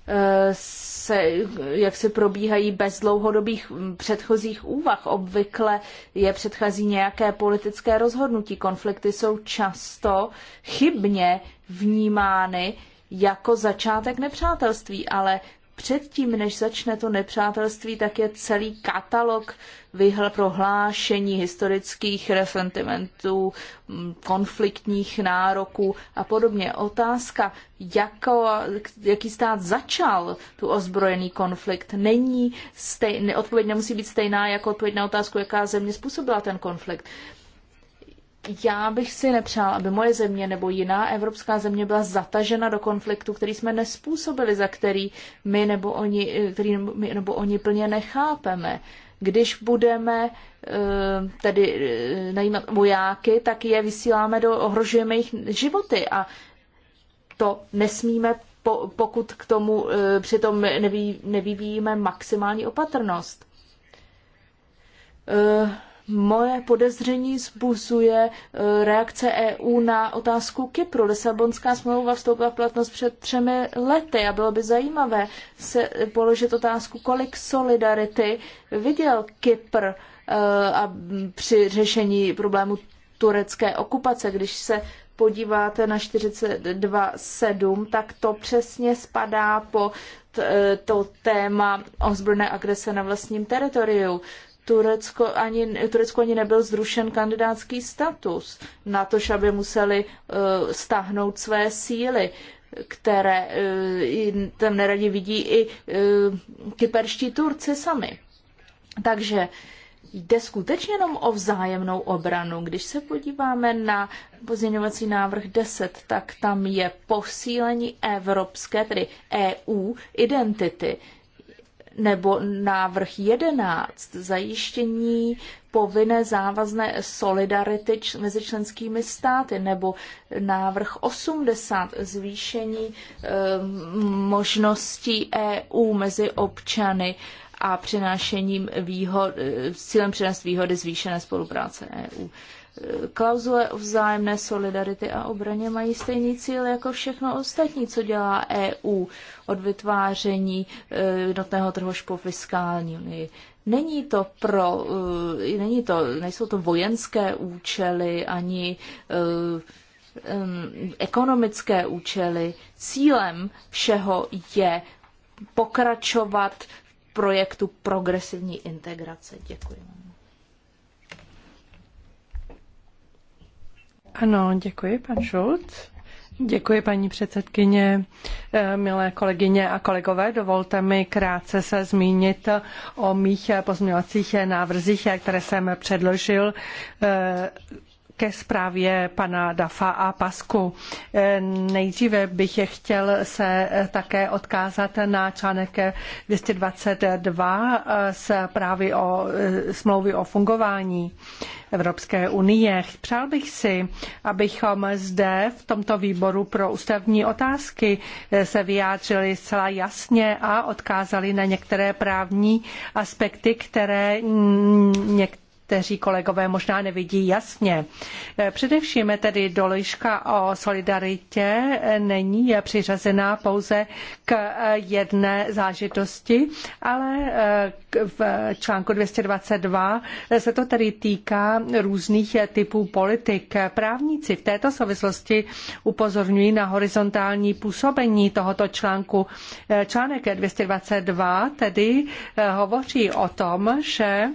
eh, se, jak se probíhají bez dlouhodobých mm, předchozích úvah. Obvykle je předchází nějaké politické rozhodnutí. Konflikty jsou často chybně vnímány jako začátek nepřátelství, ale předtím, než začne to nepřátelství, tak je celý katalog vyhl prohlášení historických resentimentů, mm, konfliktních nároků a podobně. Otázka, jako, jaký stát začal tu ozbrojený konflikt, není stej, odpověď nemusí být stejná jako odpověď na otázku, jaká země způsobila ten konflikt já bych si nepřál, aby moje země nebo jiná evropská země byla zatažena do konfliktu, který jsme nespůsobili, za který my nebo oni, eh, který my nebo oni plně nechápeme. Když budeme eh, tedy eh, najímat vojáky, tak je vysíláme do, ohrožujeme jejich životy a to nesmíme, pokud k tomu přitom nevyvíjíme maximální opatrnost Moje podezření zbuzuje eh, reakce EU na otázku Kypru. Lisabonská smlouva vstoupila v platnost před třemi lety a bylo by zajímavé se položit otázku, kolik solidarity viděl Kypr eh, a při řešení problému turecké okupace. Když se podíváte na 42.7, tak to přesně spadá po eh, to téma ozbrojené agrese na vlastním teritoriu. Turecko ani, Turecko ani nebyl zrušen kandidátský status, na to, aby museli uh, stáhnout své síly, které uh, tam neradi vidí i uh, kyperští Turci sami. Takže jde skutečně jenom o vzájemnou obranu. Když se podíváme na pozměňovací návrh 10, tak tam je posílení evropské, tedy EU, identity. Uh, nebo návrh 11, zajištění povinné závazné solidarity mezi členskými státy, nebo návrh 80, zvýšení eh, možností EU mezi občany a přinášením výhod, eh, s cílem přinést výhody zvýšené spolupráce EU. Klauzule o vzájemné solidarity a obraně mají stejný cíl jako všechno ostatní, co dělá EU od vytváření eh, jednotného trhu po fiskální unii. Není to pro, eh, není to, nejsou to vojenské účely ani eh, ekonomické účely. Cílem všeho je pokračovat v projektu progresivní integrace. Děkuji vám. Ano, děkuji, pan Schulz. Děkuji, paní předsedkyně. Eh, milé kolegyně a kolegové, dovolte mi krátce se zmínit o mých pozměňovacích návrzích, které jsem předložil eh, ke zprávě pana Dafa a Pasku. Eh, nejdříve bych chtěl se eh, také odkázat na článek 222 eh, zprávy o smlouvy o fungování Evropské unie. Přál bych si, abychom zde v tomto výboru pro ústavní otázky se vyjádřili zcela jasně a odkázali na některé právní aspekty, které mm, některé kteří kolegové možná nevidí jasně. Eh, především tedy doložka o solidaritě není přiřazená pouze k eh, jedné zážitosti, ale eh, v článku 222 se to tedy týká různých typů politik. Právníci v této souvislosti upozorňují na horizontální působení tohoto článku. Článek 222 tedy hovoří o tom, že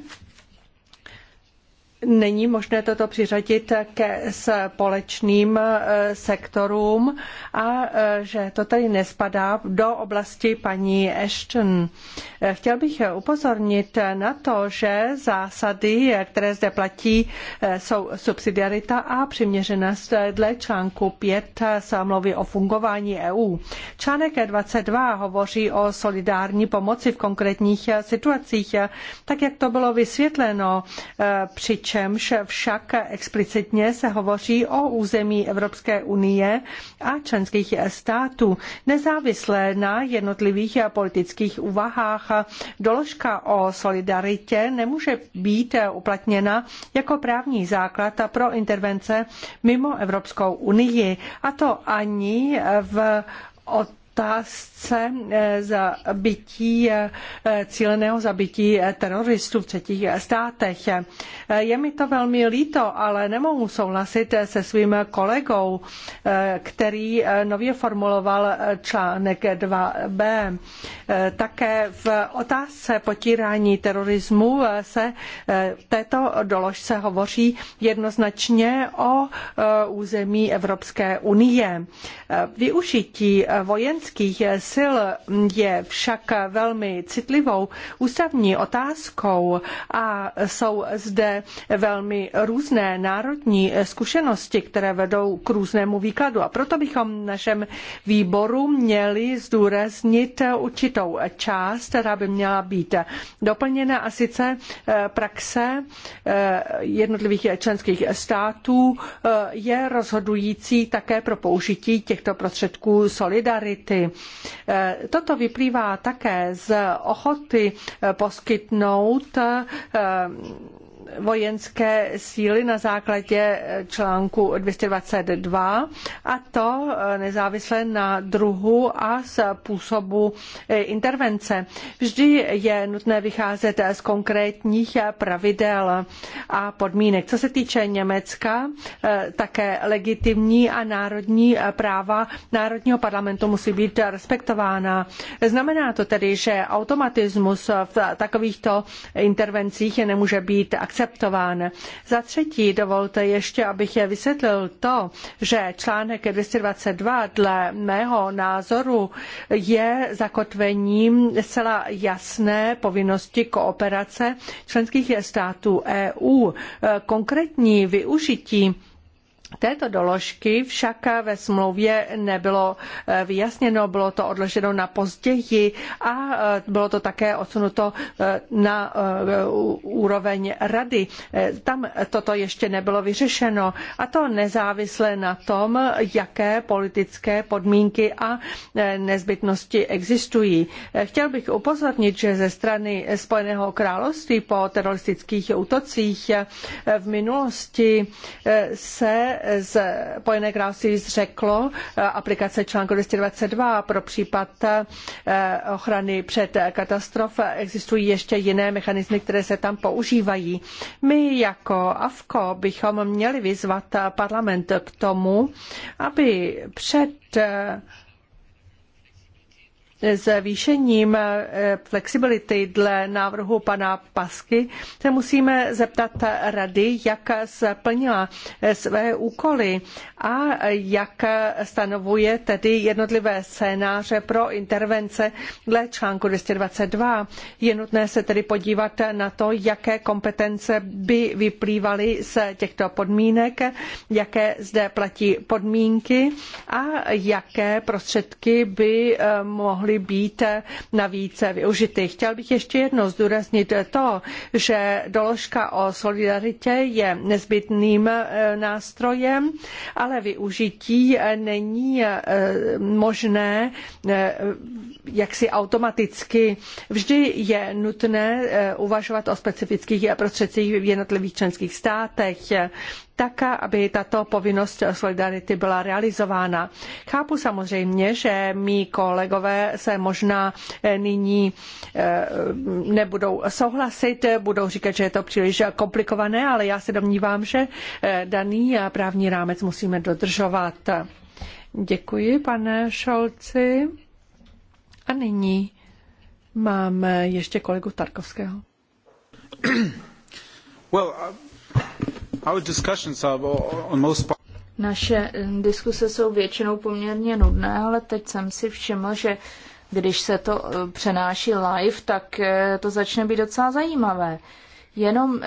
není možné toto přiřadit ke společným e, sektorům a e, že to tady nespadá do oblasti paní Ashton. E, chtěl bych upozornit na to, že zásady, které zde platí, jsou subsidiarita a přiměřenost dle článku 5 sámluvy o fungování EU. Článek 22 hovoří o solidární pomoci v konkrétních situacích, tak jak to bylo vysvětleno při přičemž však explicitně se hovoří o území Evropské unie a členských států, nezávislé na jednotlivých politických úvahách. Doložka o solidaritě nemůže být uplatněna jako právní základ pro intervence mimo Evropskou unii, a to ani v od otázce eh, zabití, eh, cíleného zabití eh, teroristů v třetích státech. Je mi to velmi líto, ale nemohu souhlasit se svým kolegou, který nově formuloval článek 2b. Také v otázce potírání terorismu se v této doložce hovoří jednoznačně o území Evropské unie. Využití vojenské politických sil je však velmi citlivou ústavní otázkou a jsou zde velmi různé národní zkušenosti, které vedou k různému výkladu. A proto bychom v našem výboru měli zdůraznit určitou část, která by měla být doplněna a sice eh, praxe eh, jednotlivých členských států eh, je rozhodující také pro použití těchto prostředků solidarity pomoci. Eh, toto vyplývá také z ochoty eh, poskytnout eh, vojenské síly na základě článku 222 a to eh, nezávisle na druhu a způsobu eh, intervence. Vždy je nutné vycházet z konkrétních pravidel a podmínek. Co se týče Německa, eh, také legitimní a národní práva národního parlamentu musí být respektována. Znamená to tedy, že automatismus v takovýchto intervencích nemůže být akceptován akceptován. Za třetí dovolte ještě, abych je vysvětlil to, že článek 222 dle mého názoru je zakotvením zcela jasné povinnosti kooperace členských států EU. Konkrétní využití této doložky však ve smlouvě nebylo eh, vyjasněno, bylo to odloženo na později a eh, bylo to také odsunuto eh, na úroveň rady. Tam toto ještě nebylo vyřešeno a to nezávisle na tom, jaké politické podmínky a nezbytnosti existují. Chtěl bych upozornit, že ze strany Spojeného království po teroristických útocích v minulosti se z Spojené království zřeklo eh, aplikace článku 222 pro případ eh, ochrany před katastrof. Existují ještě jiné mechanismy, které se tam používají. My jako AFKO bychom měli vyzvat parlament k tomu, aby před eh, zvýšením eh, flexibility dle návrhu pana Pasky se musíme zeptat rady, jak splnila eh, své úkoly a jak stanovuje tedy jednotlivé scénáře pro intervence dle článku 222. Je nutné se tedy podívat na to, jaké kompetence by vyplývaly z těchto podmínek, jaké zde platí podmínky a jaké prostředky by eh, mohly mohly být více využity. Chtěl bych ještě jednou zdůraznit to, že doložka o solidaritě je nezbytným eh, nástrojem, ale využití eh, není eh, možné jaksi automaticky. Vždy je nutné uvažovat o specifických prostředcích v jednotlivých členských státech tak, aby tato povinnost solidarity byla realizována. Chápu samozřejmě, že mý kolegové se možná eh, nyní eh, nebudou souhlasit, budou říkat, že je to příliš komplikované, ale já se domnívám, že eh, daný právní rámec musíme dodržovat. Děkuji, pane Šolci. A nyní máme ještě kolegu Tarkovského. Well, uh... Naše eh, diskuse jsou většinou poměrně nudné, ale teď jsem si všiml, že když se to eh, přenáší live, tak eh, to začne být docela zajímavé. Jenom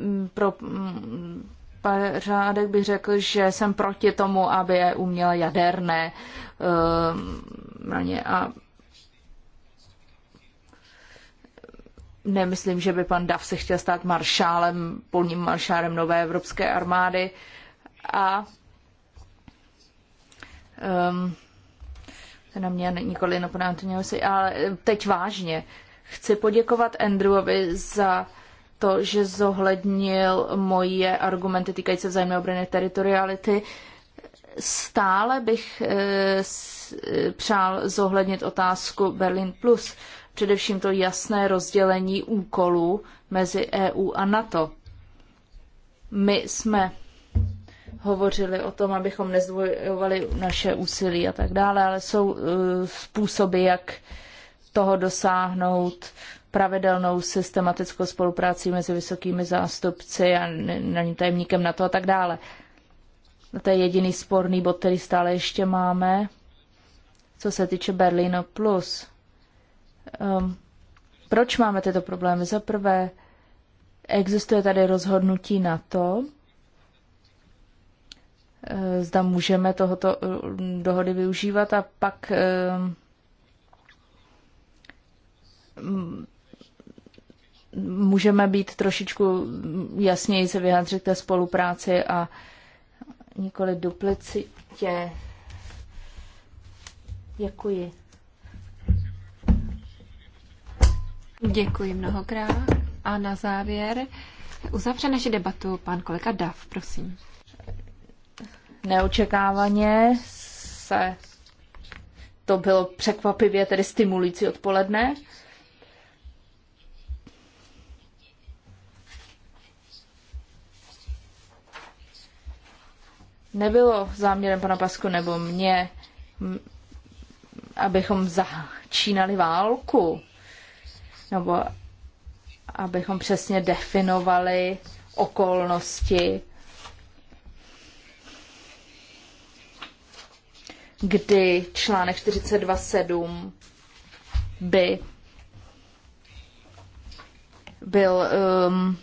mm, pro mm, řádek bych řekl, že jsem proti tomu, aby je měla jaderné zbraně a Nemyslím, že by pan Dav se chtěl stát maršálem, polním maršálem nové evropské armády. A um, to na mě nikoli na pana Antoniusi, ale teď vážně. Chci poděkovat Andrewovi za to, že zohlednil moje argumenty týkající se vzájemné obrany teritoriality. Stále bych e, s, eh, přál zohlednit otázku Berlin Plus, především to jasné rozdělení úkolů mezi EU a NATO. My jsme hovořili o tom, abychom nezdvojovali naše úsilí a tak dále, ale jsou e, způsoby, jak toho dosáhnout pravidelnou systematickou spolupráci mezi vysokými zástupci a naním tajemníkem NATO a tak dále. To je jediný sporný bod, který stále ještě máme, co se týče Berlino Plus Um, proč máme tyto problémy? Za prvé, existuje tady rozhodnutí na to, eh, zda můžeme tohoto eh, dohody využívat a pak eh, můžeme být trošičku jasněji se vyjádřit té spolupráci a nikoli duplicitě. Děkuji. Děkuji mnohokrát. A na závěr uzavře naši debatu pan kolega Dav, prosím. Neočekávaně se to bylo překvapivě tedy stimulující odpoledne. Nebylo záměrem pana Pasku nebo mě, abychom začínali válku nebo abychom přesně definovali okolnosti, kdy článek 42.7 by byl um,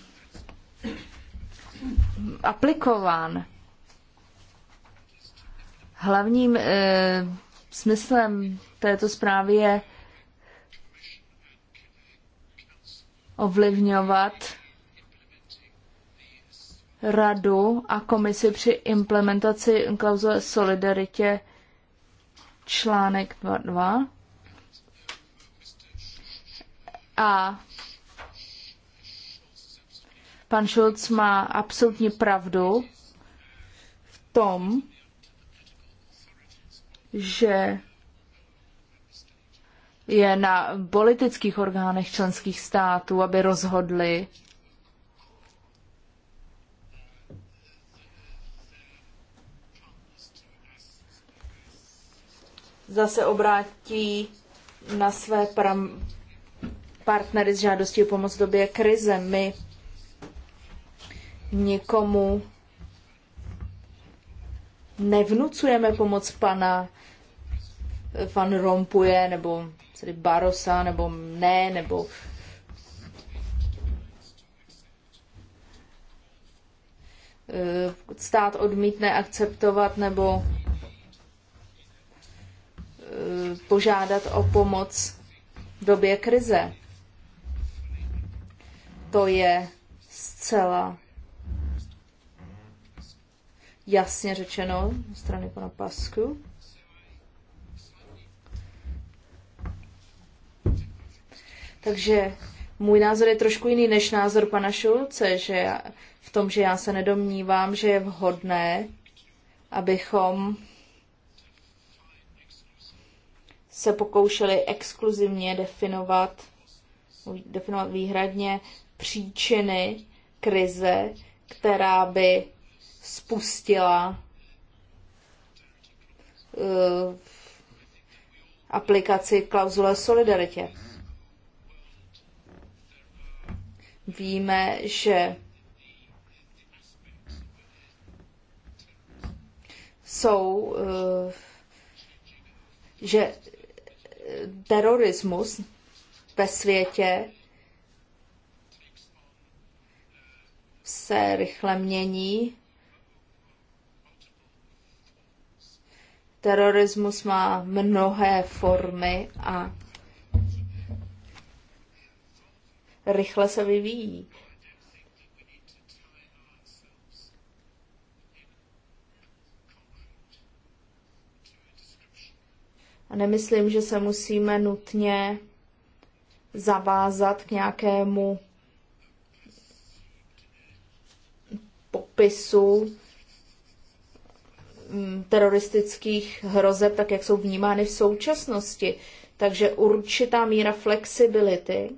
aplikován. Hlavním e, smyslem této zprávy je ovlivňovat radu a komisi při implementaci klauzule solidaritě článek 2.2. A pan Schulz má absolutní pravdu v tom, že je na politických orgánech členských států, aby rozhodli, zase obrátí na své pram- partnery s žádostí o pomoc v době krize. My nikomu nevnucujeme pomoc pana Van Rompuje nebo tedy Barosa, nebo ne, nebo eh, stát odmítne akceptovat nebo eh, požádat o pomoc v době krize. To je zcela jasně řečeno ze strany pana Pasku. Takže můj názor je trošku jiný než názor pana Šulce, že já, v tom, že já se nedomnívám, že je vhodné, abychom se pokoušeli exkluzivně definovat, definovat výhradně příčiny krize, která by spustila uh, aplikaci klauzule solidaritě. Víme, že jsou, eh, že terorismus ve světě se rychle mění. Terorismus má mnohé formy a rychle se vyvíjí. A nemyslím, že se musíme nutně zavázat k nějakému popisu mm, teroristických hrozeb, tak jak jsou vnímány v současnosti. Takže určitá míra flexibility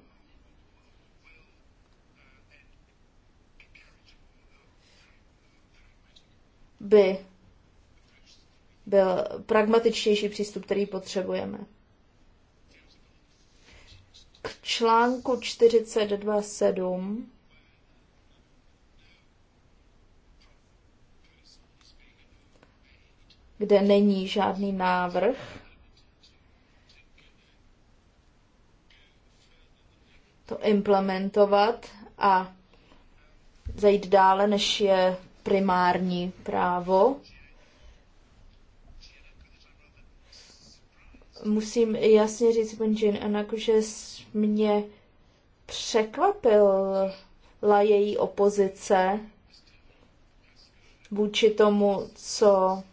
by byl pragmatičtější přístup, který potřebujeme. K článku 42.7 kde není žádný návrh. To implementovat a zajít dále, než je primární právo. Musím jasně říct, paní Jane Anaku, že mě překvapila její opozice vůči tomu, co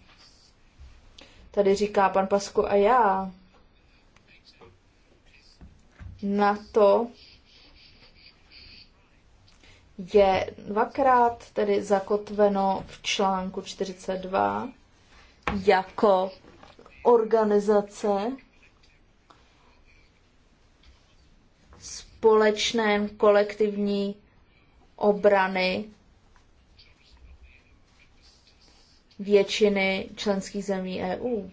tady říká pan Pasku a já. Na to, je dvakrát tedy zakotveno v článku 42 jako organizace společné kolektivní obrany většiny členských zemí EU.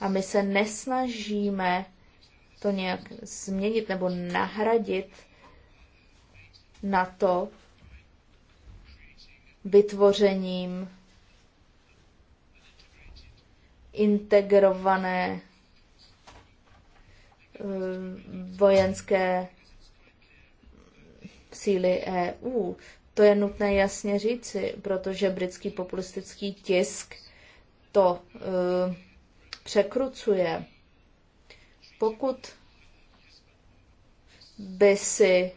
A my se nesnažíme to nějak změnit nebo nahradit na to vytvořením integrované eh, vojenské síly EU. To je nutné jasně říci, protože britský populistický tisk to uh, překrucuje. Pokud by si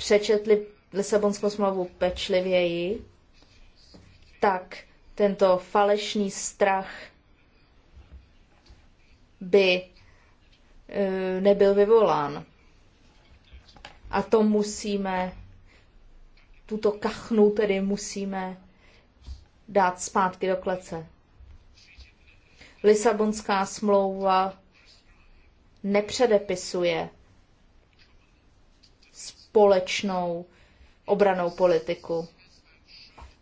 přečetli Lisabonskou smlouvu pečlivěji, tak tento falešný strach by e, nebyl vyvolán. A to musíme, tuto kachnu tedy musíme dát zpátky do klece. Lisabonská smlouva nepředepisuje společnou obranou politiku.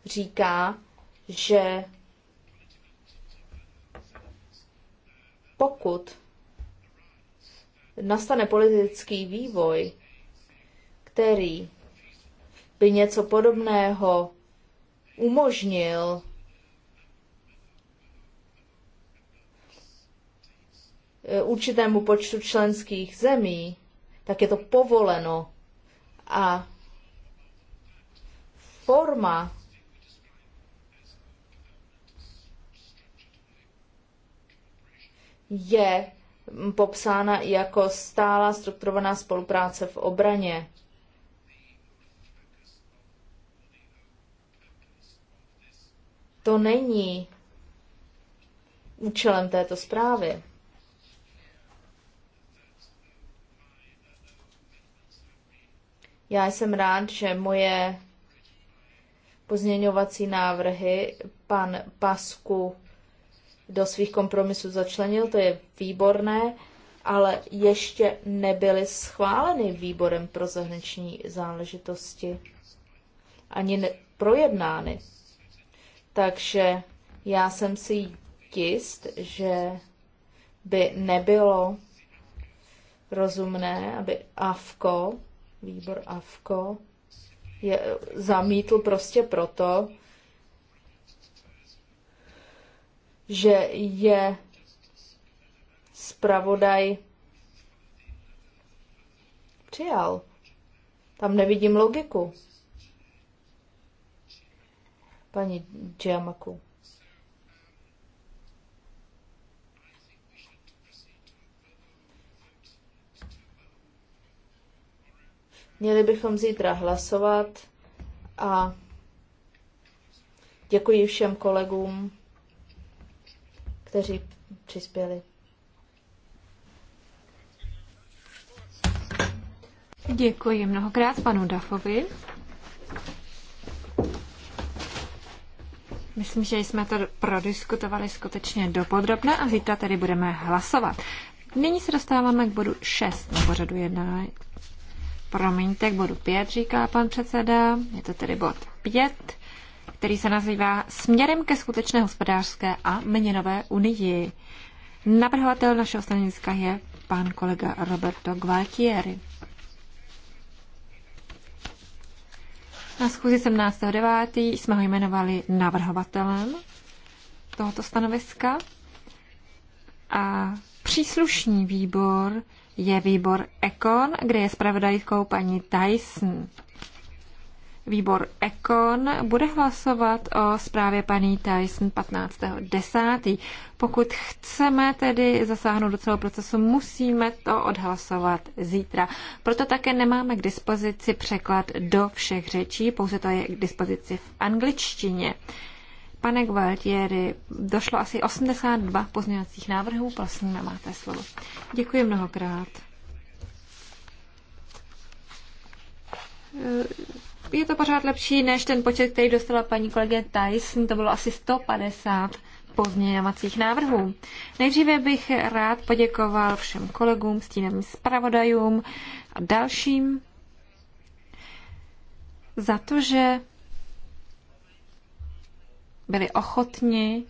Říká, že pokud nastane politický vývoj, který by něco podobného umožnil, eh, určitému počtu členských zemí, tak je to povoleno a forma je popsána jako stálá strukturovaná spolupráce v obraně. To není účelem této zprávy. Já jsem rád, že moje pozměňovací návrhy pan Pasku do svých kompromisů začlenil, to je výborné, ale ještě nebyly schváleny výborem pro zahraniční záležitosti ani ne- projednány. Takže já jsem si jist, že by nebylo rozumné, aby AFKO výbor AVKO je zamítl prostě proto, že je zpravodaj přijal. Tam nevidím logiku. pani Giamaku. Měli bychom zítra hlasovat a děkuji všem kolegům, kteří přispěli. Děkuji mnohokrát panu Dafovi. Myslím, že jsme to prodiskutovali skutečně dopodrobně a zítra tedy budeme hlasovat. Nyní se dostáváme k bodu 6 na pořadu jednání, Promiňte, k bodu 5, říká pan předseda. Je to tedy bod 5, který se nazývá Směrem ke skutečné hospodářské a měnové unii. Navrhovatel našeho stanoviska je pan kolega Roberto Gualtieri. Na schůzi 17.9. jsme ho jmenovali navrhovatelem tohoto stanoviska a Příslušný výbor je výbor Ekon, kde je zpravodajkou paní Tyson. Výbor Ekon bude hlasovat o zprávě paní Tyson 15.10. Pokud chceme tedy zasáhnout do celého procesu, musíme to odhlasovat zítra. Proto také nemáme k dispozici překlad do všech řečí, pouze to je k dispozici v angličtině. Pane Gvaltieri, došlo asi 82 pozměňovacích návrhů, prosím, máte slovo. Děkuji mnohokrát. Eh, je to pořád lepší než ten počet, který dostala paní kolegyně Tyson, to bylo asi 150 pozměňovacích návrhů. Nejdříve bych rád poděkoval všem kolegům, stínovým zpravodajům a dalším za to, že byli ochotni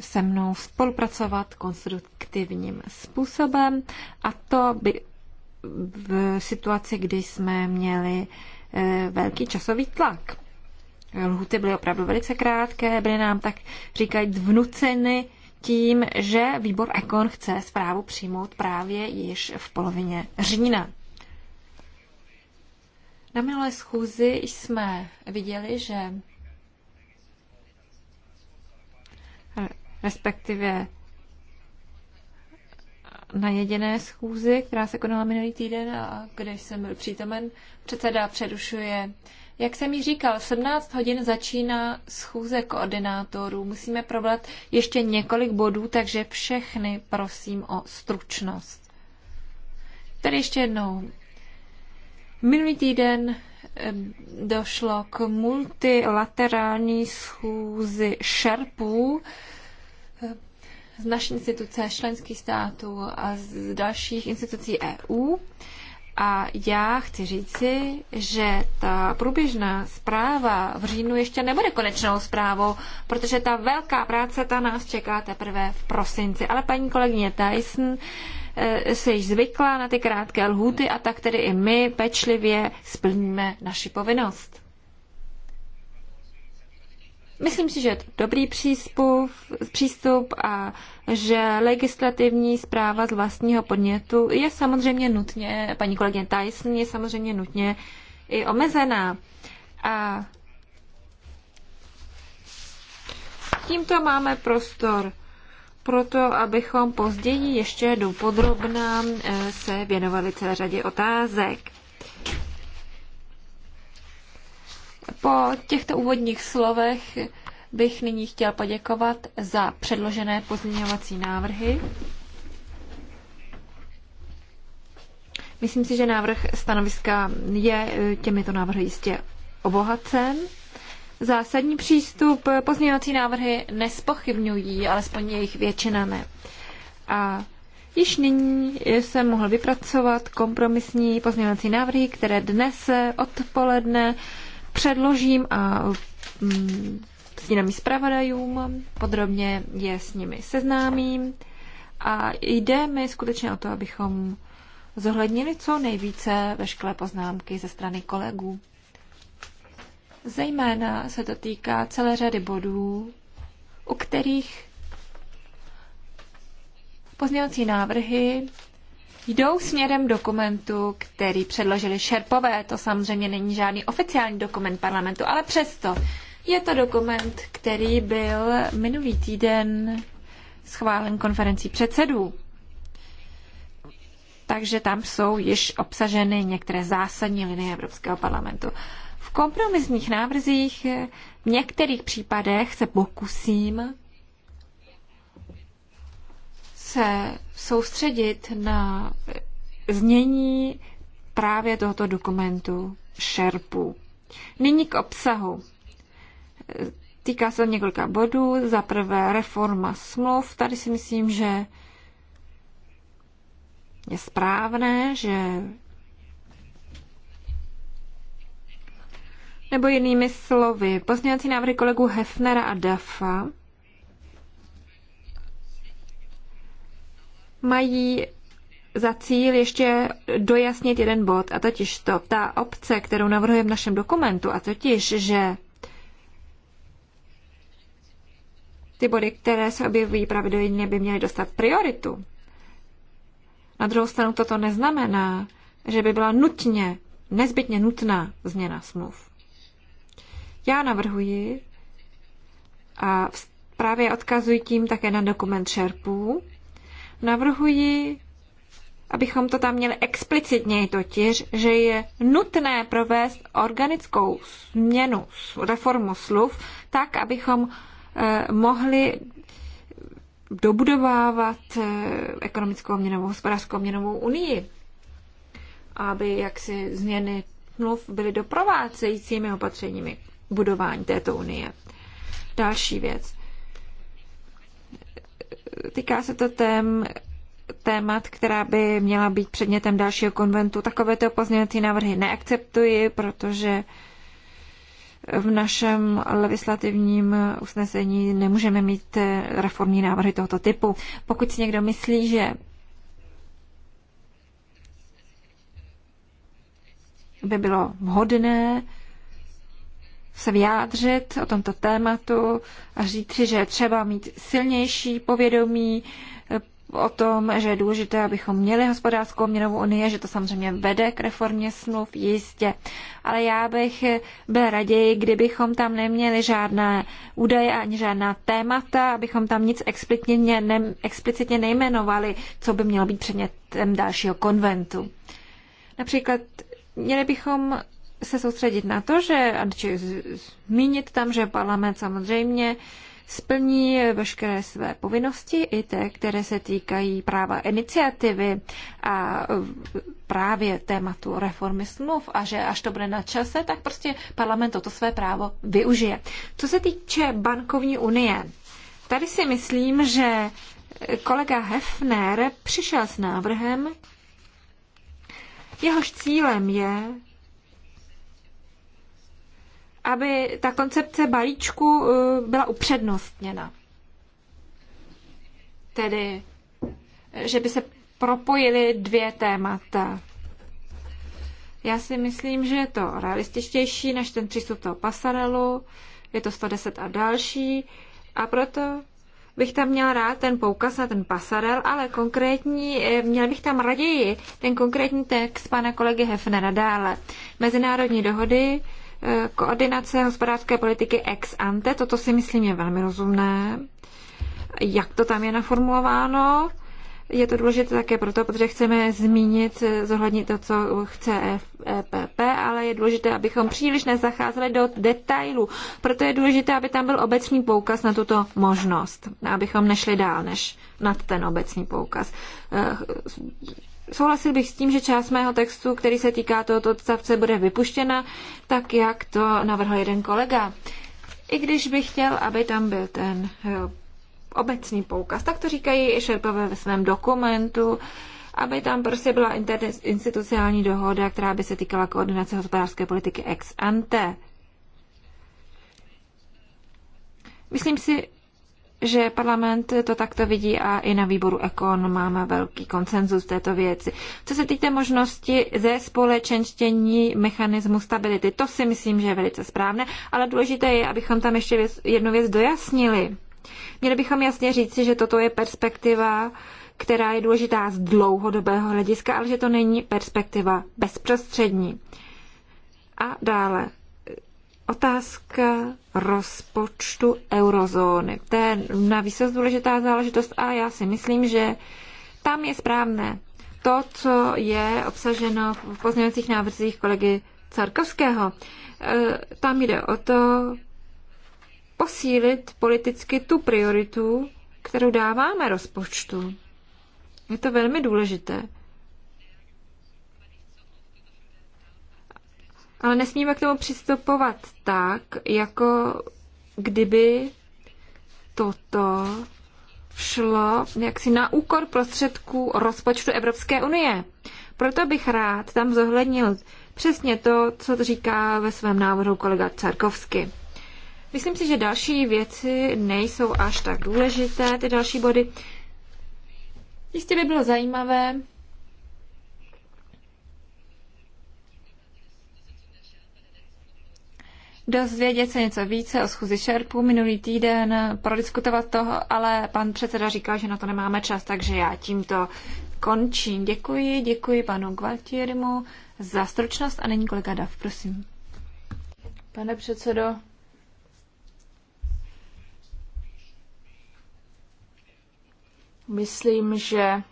se mnou spolupracovat konstruktivním způsobem a to by v situaci, kdy jsme měli e, velký časový tlak. Lhuty byly opravdu velice krátké, byly nám tak říkají vnuceny tím, že výbor Ekon chce zprávu přijmout právě již v polovině října. Na minulé schůzi jsme viděli, že respektive na jediné schůzi, která se konala minulý týden a kde jsem byl přítomen, předseda přerušuje. Jak jsem ji říkal, 17 hodin začíná schůze koordinátorů. Musíme probrat ještě několik bodů, takže všechny prosím o stručnost. Tady ještě jednou. Minulý týden došlo k multilaterální schůzi šerpů eh, z naší instituce, členských států a z dalších institucí EU. A já chci říci, že ta průběžná zpráva v říjnu ještě nebude konečnou zprávou, protože ta velká práce ta nás čeká teprve v prosinci. Ale paní kolegyně Tyson se eh, již zvykla na ty krátké lhůty a tak tedy i my pečlivě splníme naši povinnost. Myslím si, že je to dobrý přístup, přístup a že legislativní zpráva z vlastního podnětu je samozřejmě nutně, paní kolegyně Tyson je samozřejmě nutně i omezená. A tímto máme prostor proto abychom později ještě do podrobna eh, se věnovali celé řadě otázek. Po těchto úvodních slovech bych nyní chtěl poděkovat za předložené pozměňovací návrhy. Myslím si, že návrh stanoviska je eh, těmito návrhy jistě obohacen zásadní přístup. Eh, pozměňovací návrhy nespochybňují, alespoň jejich většina ne. A již nyní jsem mohl vypracovat kompromisní pozměňovací návrhy, které dnes eh, odpoledne předložím a mm, jinými zpravodajům, podrobně je s nimi seznámím a jde mi skutečně o to, abychom zohlednili co nejvíce veškeré poznámky ze strany kolegů. Zejména se to týká celé řady bodů, u kterých pozměňovací návrhy jdou směrem dokumentu, který předložili Šerpové. To samozřejmě není žádný oficiální dokument parlamentu, ale přesto je to dokument, který byl minulý týden schválen konferencí předsedů. Takže tam jsou již obsaženy některé zásadní linie Evropského parlamentu kompromisních návrzích eh, v některých případech se pokusím se soustředit na znění právě tohoto dokumentu šerpu. Nyní k obsahu. Týká se několika bodů. Za prvé reforma smluv. Tady si myslím, že je správné, že Nebo jinými slovy, pozměňovací návrhy kolegů Hefnera a Dafa mají za cíl ještě dojasnit jeden bod, a totiž to, ta obce, kterou navrhuje v našem dokumentu, a totiž, že ty body, které se objevují pravidelně, by měly dostat prioritu. Na druhou stranu toto neznamená, že by byla nutně, nezbytně nutná změna smluv. Já navrhuji a právě odkazuji tím také na dokument šerpů. Navrhuji, abychom to tam měli explicitně totiž, že je nutné provést organickou změnu, reformu slov, tak, abychom eh, mohli dobudovávat eh, ekonomickou měnovou, hospodářskou měnovou unii, aby jaksi změny mluv byly doprovázejícími opatřeními budování této unie. Další věc. Týká se to tém, témat, která by měla být předmětem dalšího konventu. Takovéto pozměňovací návrhy neakceptuji, protože v našem legislativním usnesení nemůžeme mít eh, reformní návrhy tohoto typu. Pokud si někdo myslí, že by bylo vhodné se vyjádřit o tomto tématu a říci, že je třeba mít silnější povědomí eh, o tom, že je důležité, abychom měli hospodářskou měnovou unii, že to samozřejmě vede k reformě smluv, jistě. Ale já bych eh, byl raději, kdybychom tam neměli žádné údaje ani žádná témata, abychom tam nic explicitně, ne, explicitně nejmenovali, co by mělo být předmětem dalšího konventu. Například měli bychom se soustředit na to, že, či zmínit tam, že parlament samozřejmě splní veškeré své povinnosti, i ty, které se týkají práva iniciativy a právě tématu reformy smluv a že až to bude na čase, tak prostě parlament toto své právo využije. Co se týče bankovní unie, tady si myslím, že kolega Hefner přišel s návrhem, jehož cílem je aby ta koncepce balíčku eh, byla upřednostněna. Tedy, eh, že by se propojily dvě témata. Já si myslím, že je to realističtější než ten přístup toho pasarelu, je to 110 a další, a proto bych tam měl rád ten poukaz na ten pasarel, ale konkrétní, eh, měl bych tam raději ten konkrétní text pana kolegy Hefnera dále. Mezinárodní dohody Eh, koordinace hospodářské politiky ex ante, toto si myslím je velmi rozumné, jak to tam je naformulováno. Je to důležité také proto, protože chceme zmínit, eh, zohlednit to, co chce EPP, ale je důležité, abychom příliš nezacházeli do detailů. Proto je důležité, aby tam byl obecný poukaz na tuto možnost, abychom nešli dál než nad ten obecný poukaz. Eh, souhlasil bych s tím, že část mého textu, který se týká tohoto odstavce, bude vypuštěna, tak jak to navrhl jeden kolega. I když bych chtěl, aby tam byl ten eh, obecný poukaz, tak to říkají i šerpové ve svém dokumentu, aby tam prostě byla institucionální dohoda, která by se týkala koordinace hospodářské politiky ex ante. Myslím si, že parlament to takto vidí a i na výboru Ekon máme velký konsenzus v této věci. Co se týče možnosti ze společenštění mechanismu stability, to si myslím, že je velice správné, ale důležité je, abychom tam ještě věc, jednu věc dojasnili. Měli bychom jasně říci, že toto je perspektiva, která je důležitá z dlouhodobého hlediska, ale že to není perspektiva bezprostřední. A dále, Otázka rozpočtu eurozóny. To je na výsost důležitá záležitost a já si myslím, že tam je správné to, co je obsaženo v pozměňovacích návrzích kolegy Carkovského. Eh, tam jde o to posílit politicky tu prioritu, kterou dáváme rozpočtu. Je to velmi důležité. ale nesmíme k tomu přistupovat tak, jako kdyby toto šlo jaksi na úkor prostředků rozpočtu Evropské unie. Proto bych rád tam zohlednil přesně to, co to říká ve svém návrhu kolega Čarkovsky. Myslím si, že další věci nejsou až tak důležité, ty další body. Jistě by bylo zajímavé dozvědět se něco více o schůzi šerpů minulý týden, prodiskutovat toho, ale pan předseda říkal, že na to nemáme čas, takže já tímto končím. Děkuji, děkuji panu Gualtierimu za stručnost a není kolega Dav, prosím. Pane předsedo, myslím, že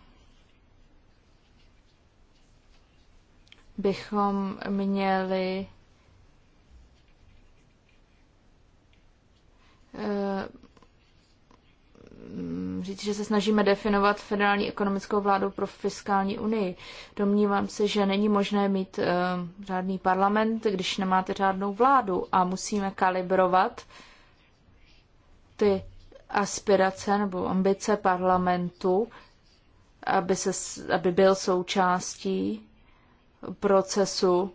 bychom měli Eh, říct, že se snažíme definovat federální ekonomickou vládu pro fiskální unii. Domnívám se, že není možné mít uh, řádný parlament, když nemáte řádnou vládu a musíme kalibrovat ty aspirace nebo ambice parlamentu, aby, se, aby byl součástí procesu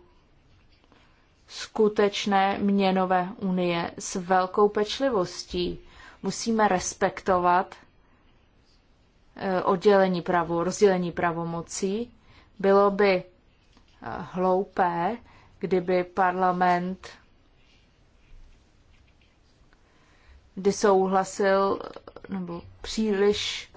skutečné měnové unie s velkou pečlivostí. Musíme respektovat eh, oddělení pravo, rozdělení pravomocí. Bylo by eh, hloupé, kdyby parlament kdy souhlasil nebo příliš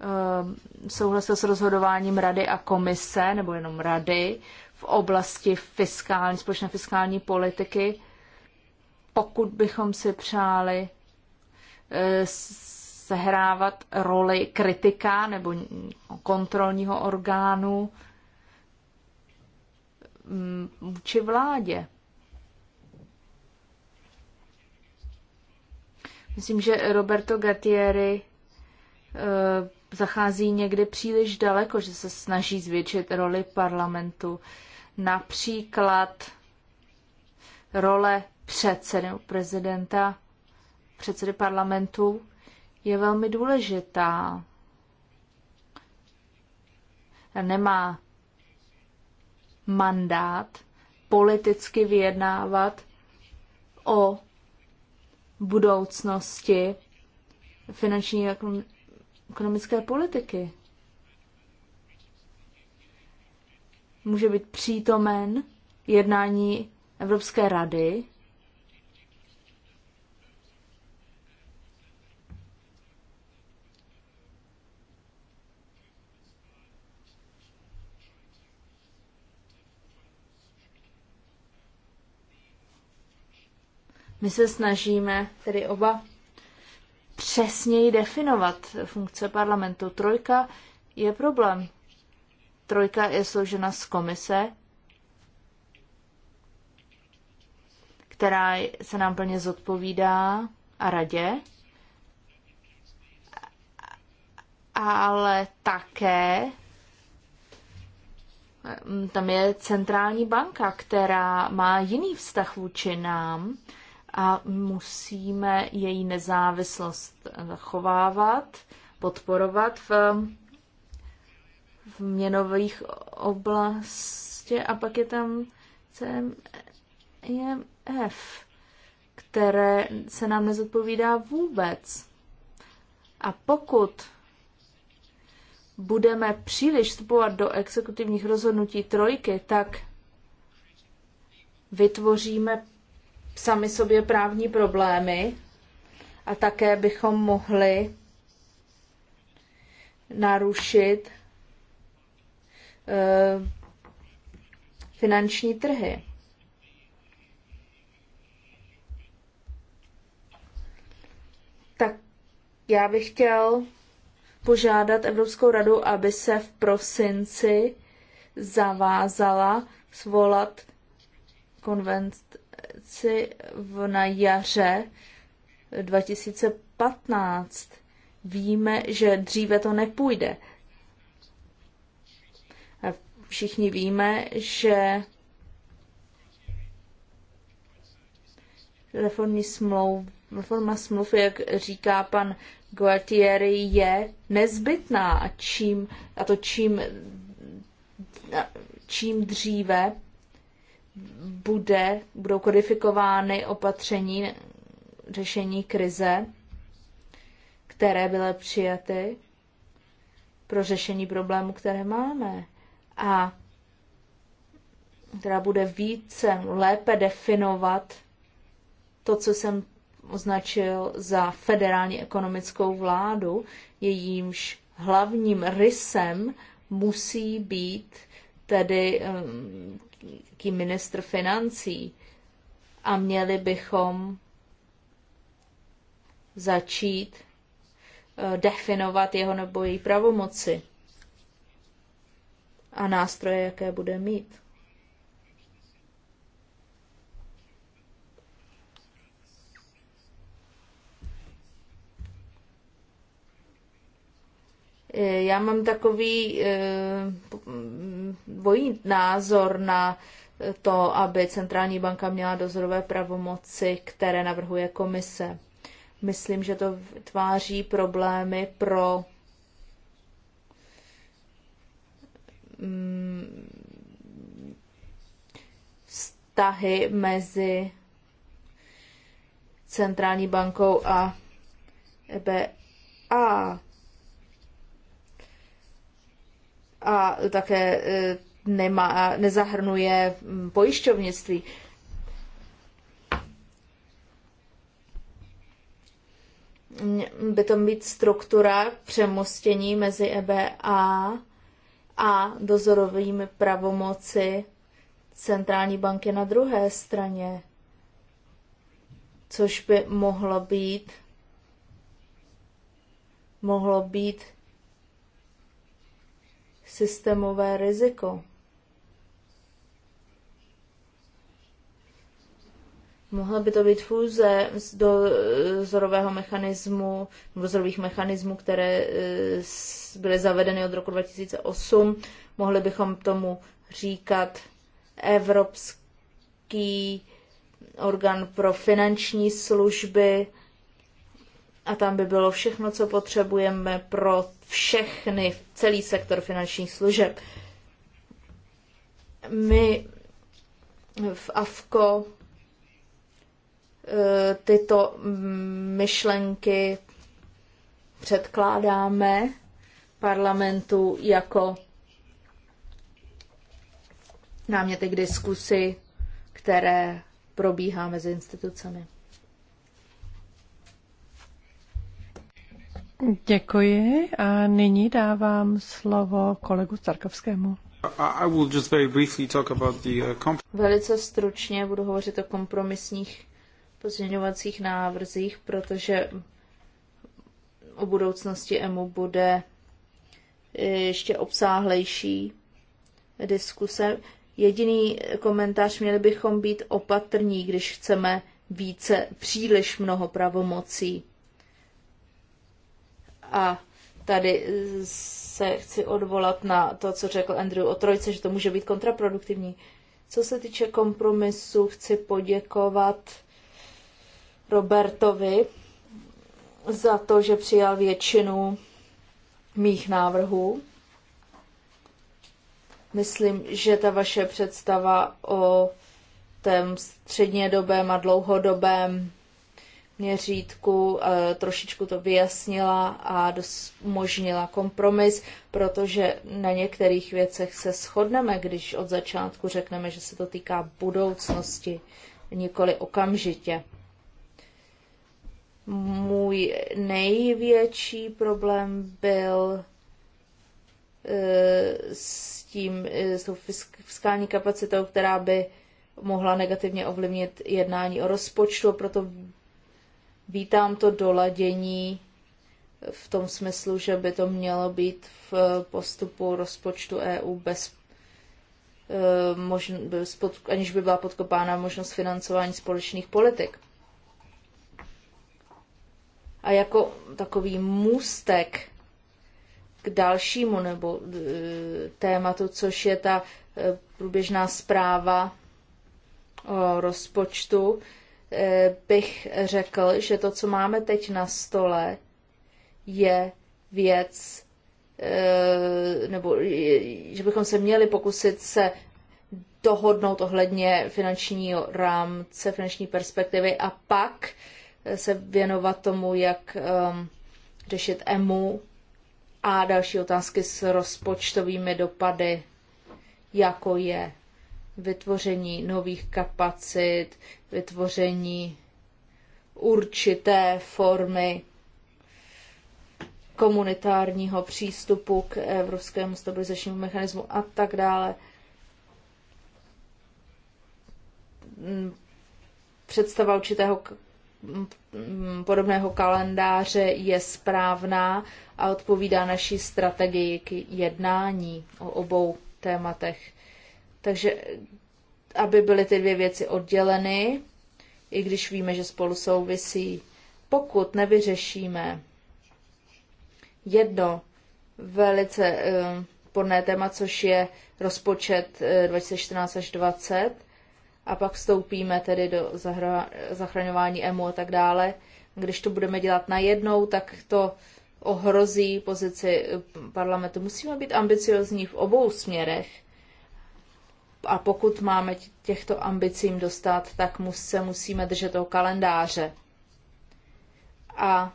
eh, souhlasil s rozhodováním rady a komise, nebo jenom rady, v oblasti fiskální, společné fiskální politiky, pokud bychom si přáli eh, sehrávat roli kritika nebo kontrolního orgánu mm, vůči vládě. Myslím, že Roberto Gattieri eh, zachází někdy příliš daleko, že se snaží zvětšit roli parlamentu například role předsedy prezidenta, předsedy parlamentu je velmi důležitá. Nemá mandát politicky vyjednávat o budoucnosti finanční ekonomické politiky. může být přítomen jednání Evropské rady. My se snažíme tedy oba přesněji definovat funkce parlamentu. Trojka je problém. Trojka je složena z komise, která se nám plně zodpovídá a radě, ale také mm, tam je centrální banka, která má jiný vztah vůči nám a musíme její nezávislost zachovávat, podporovat v v měnových oblasti a pak je tam CMF, e které se nám nezodpovídá vůbec. A pokud budeme příliš vstupovat do exekutivních rozhodnutí trojky, tak vytvoříme sami sobě právní problémy a také bychom mohli narušit Eh, finanční trhy. Tak já bych chtěl požádat Evropskou radu, aby se v prosinci zavázala svolat konvenci na jaře 2015. Víme, že dříve to nepůjde všichni víme, že reformní smlouv, reforma smluv, jak říká pan Gualtieri, je nezbytná a, čím, a to čím, čím dříve bude, budou kodifikovány opatření řešení krize, které byly přijaty pro řešení problému, které máme a která bude více, lépe definovat to, co jsem označil za federální ekonomickou vládu, jejímž hlavním rysem musí být tedy um, ministr financí. A měli bychom začít uh, definovat jeho nebo její pravomoci a nástroje, jaké bude mít. Já mám takový eh, mm, dvojí názor na to, aby centrální banka měla dozorové pravomoci, které navrhuje komise. Myslím, že to vytváří problémy pro vztahy mezi centrální bankou a EBA. A také e, nemá, nezahrnuje pojišťovnictví. By to být struktura přemostění mezi EBA a dozorovými pravomoci centrální banky na druhé straně, což by mohlo být mohlo být systémové riziko. Mohla by to být fúze do eh, vzorového mechanismu, vzorových mechanismů, které eh, byly zavedeny od roku 2008. Mohli bychom tomu říkat Evropský orgán pro finanční služby a tam by bylo všechno, co potřebujeme pro všechny, celý sektor finančních služeb. My v AFKO Eh, tyto myšlenky předkládáme parlamentu jako náměty k diskusi, které probíhá mezi institucemi. Děkuji a nyní dávám slovo kolegu Starkovskému. Uh, Velice stručně budu hovořit o kompromisních pozměňovacích návrzích, protože o budoucnosti EMU bude eh, ještě obsáhlejší diskuse. Jediný komentář, měli bychom být opatrní, když chceme více, příliš mnoho pravomocí. A tady se chci odvolat na to, co řekl Andrew o trojce, že to může být kontraproduktivní. Co se týče kompromisu, chci poděkovat Robertovi za to, že přijal většinu mých návrhů. Myslím, že ta vaše představa o tém střednědobém a dlouhodobém měřítku eh, trošičku to vyjasnila a umožnila kompromis, protože na některých věcech se shodneme, když od začátku řekneme, že se to týká budoucnosti, nikoli okamžitě. Můj největší problém byl eh, s tím, eh, s tou fiskální kapacitou, která by mohla negativně ovlivnit jednání o rozpočtu, proto vítám to doladění v tom smyslu, že by to mělo být v postupu rozpočtu EU bez, eh, možn, bez aniž by byla podkopána možnost financování společných politik a jako takový můstek k dalšímu nebo e, tématu, což je ta e, průběžná zpráva o rozpočtu, e, bych řekl, že to, co máme teď na stole, je věc, nebo že bychom se měli pokusit se dohodnout ohledně finančního rámce, finanční perspektivy a pak se věnovat tomu, jak um, řešit EMU a další otázky s rozpočtovými dopady, jako je vytvoření nových kapacit, vytvoření určité formy komunitárního přístupu k evropskému stabilizačnímu mechanismu a tak dále. Představa určitého podobného kalendáře je správná a odpovídá naší strategii k jednání o obou tématech. Takže aby byly ty dvě věci odděleny, i když víme, že spolu souvisí, pokud nevyřešíme jedno velice eh, podné téma, což je rozpočet eh, 2014 až 20, a pak vstoupíme tedy do zahra- zachraňování EMU a tak dále. Když to budeme dělat najednou, tak to ohrozí pozici parlamentu. Musíme být ambiciozní v obou směrech. A pokud máme těchto ambicím dostat, tak se musíme držet toho kalendáře. A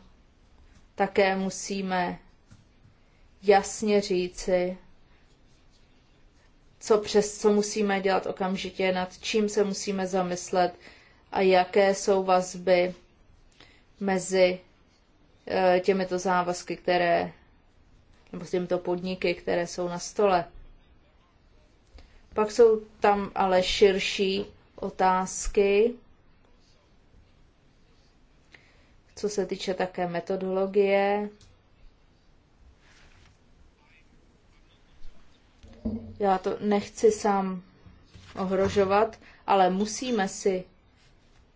také musíme jasně říci, co přes co musíme dělat okamžitě, nad čím se musíme zamyslet a jaké jsou vazby mezi e, těmito závazky, které, nebo s těmito podniky, které jsou na stole. Pak jsou tam ale širší otázky, co se týče také metodologie, Já to nechci sám ohrožovat, ale musíme si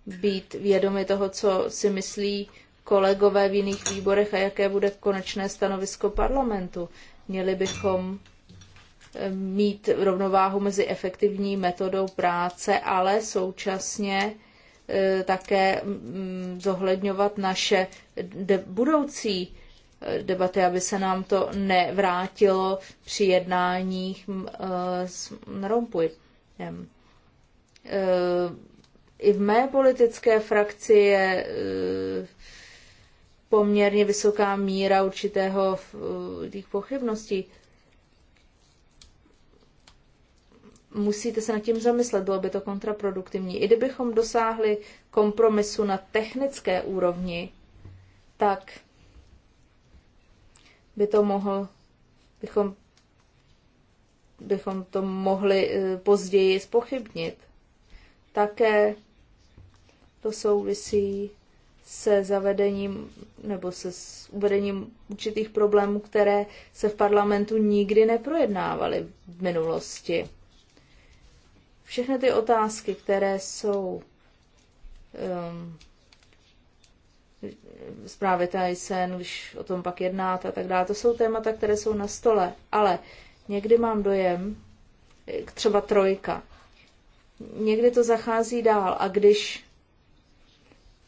být vědomi toho, co si myslí kolegové v jiných výborech a jaké bude konečné stanovisko parlamentu. Měli bychom eh, mít rovnováhu mezi efektivní metodou práce, ale současně eh, také mm, zohledňovat naše budoucí debaty, aby se nám to nevrátilo při jednáních eh, s Rompuy. Eh, I v mé politické frakci je eh, poměrně vysoká míra určitého těch pochybností. Musíte se nad tím zamyslet, bylo by to kontraproduktivní. I kdybychom dosáhli kompromisu na technické úrovni, tak by to mohl, bychom, bychom to mohli e, později spochybnit. Také to souvisí se zavedením nebo se s uvedením určitých problémů, které se v parlamentu nikdy neprojednávaly v minulosti. Všechny ty otázky, které jsou um, zprávy Tyson, když o tom pak jednáte a tak dále. To jsou témata, které jsou na stole, ale někdy mám dojem, eh, třeba trojka, někdy to zachází dál a když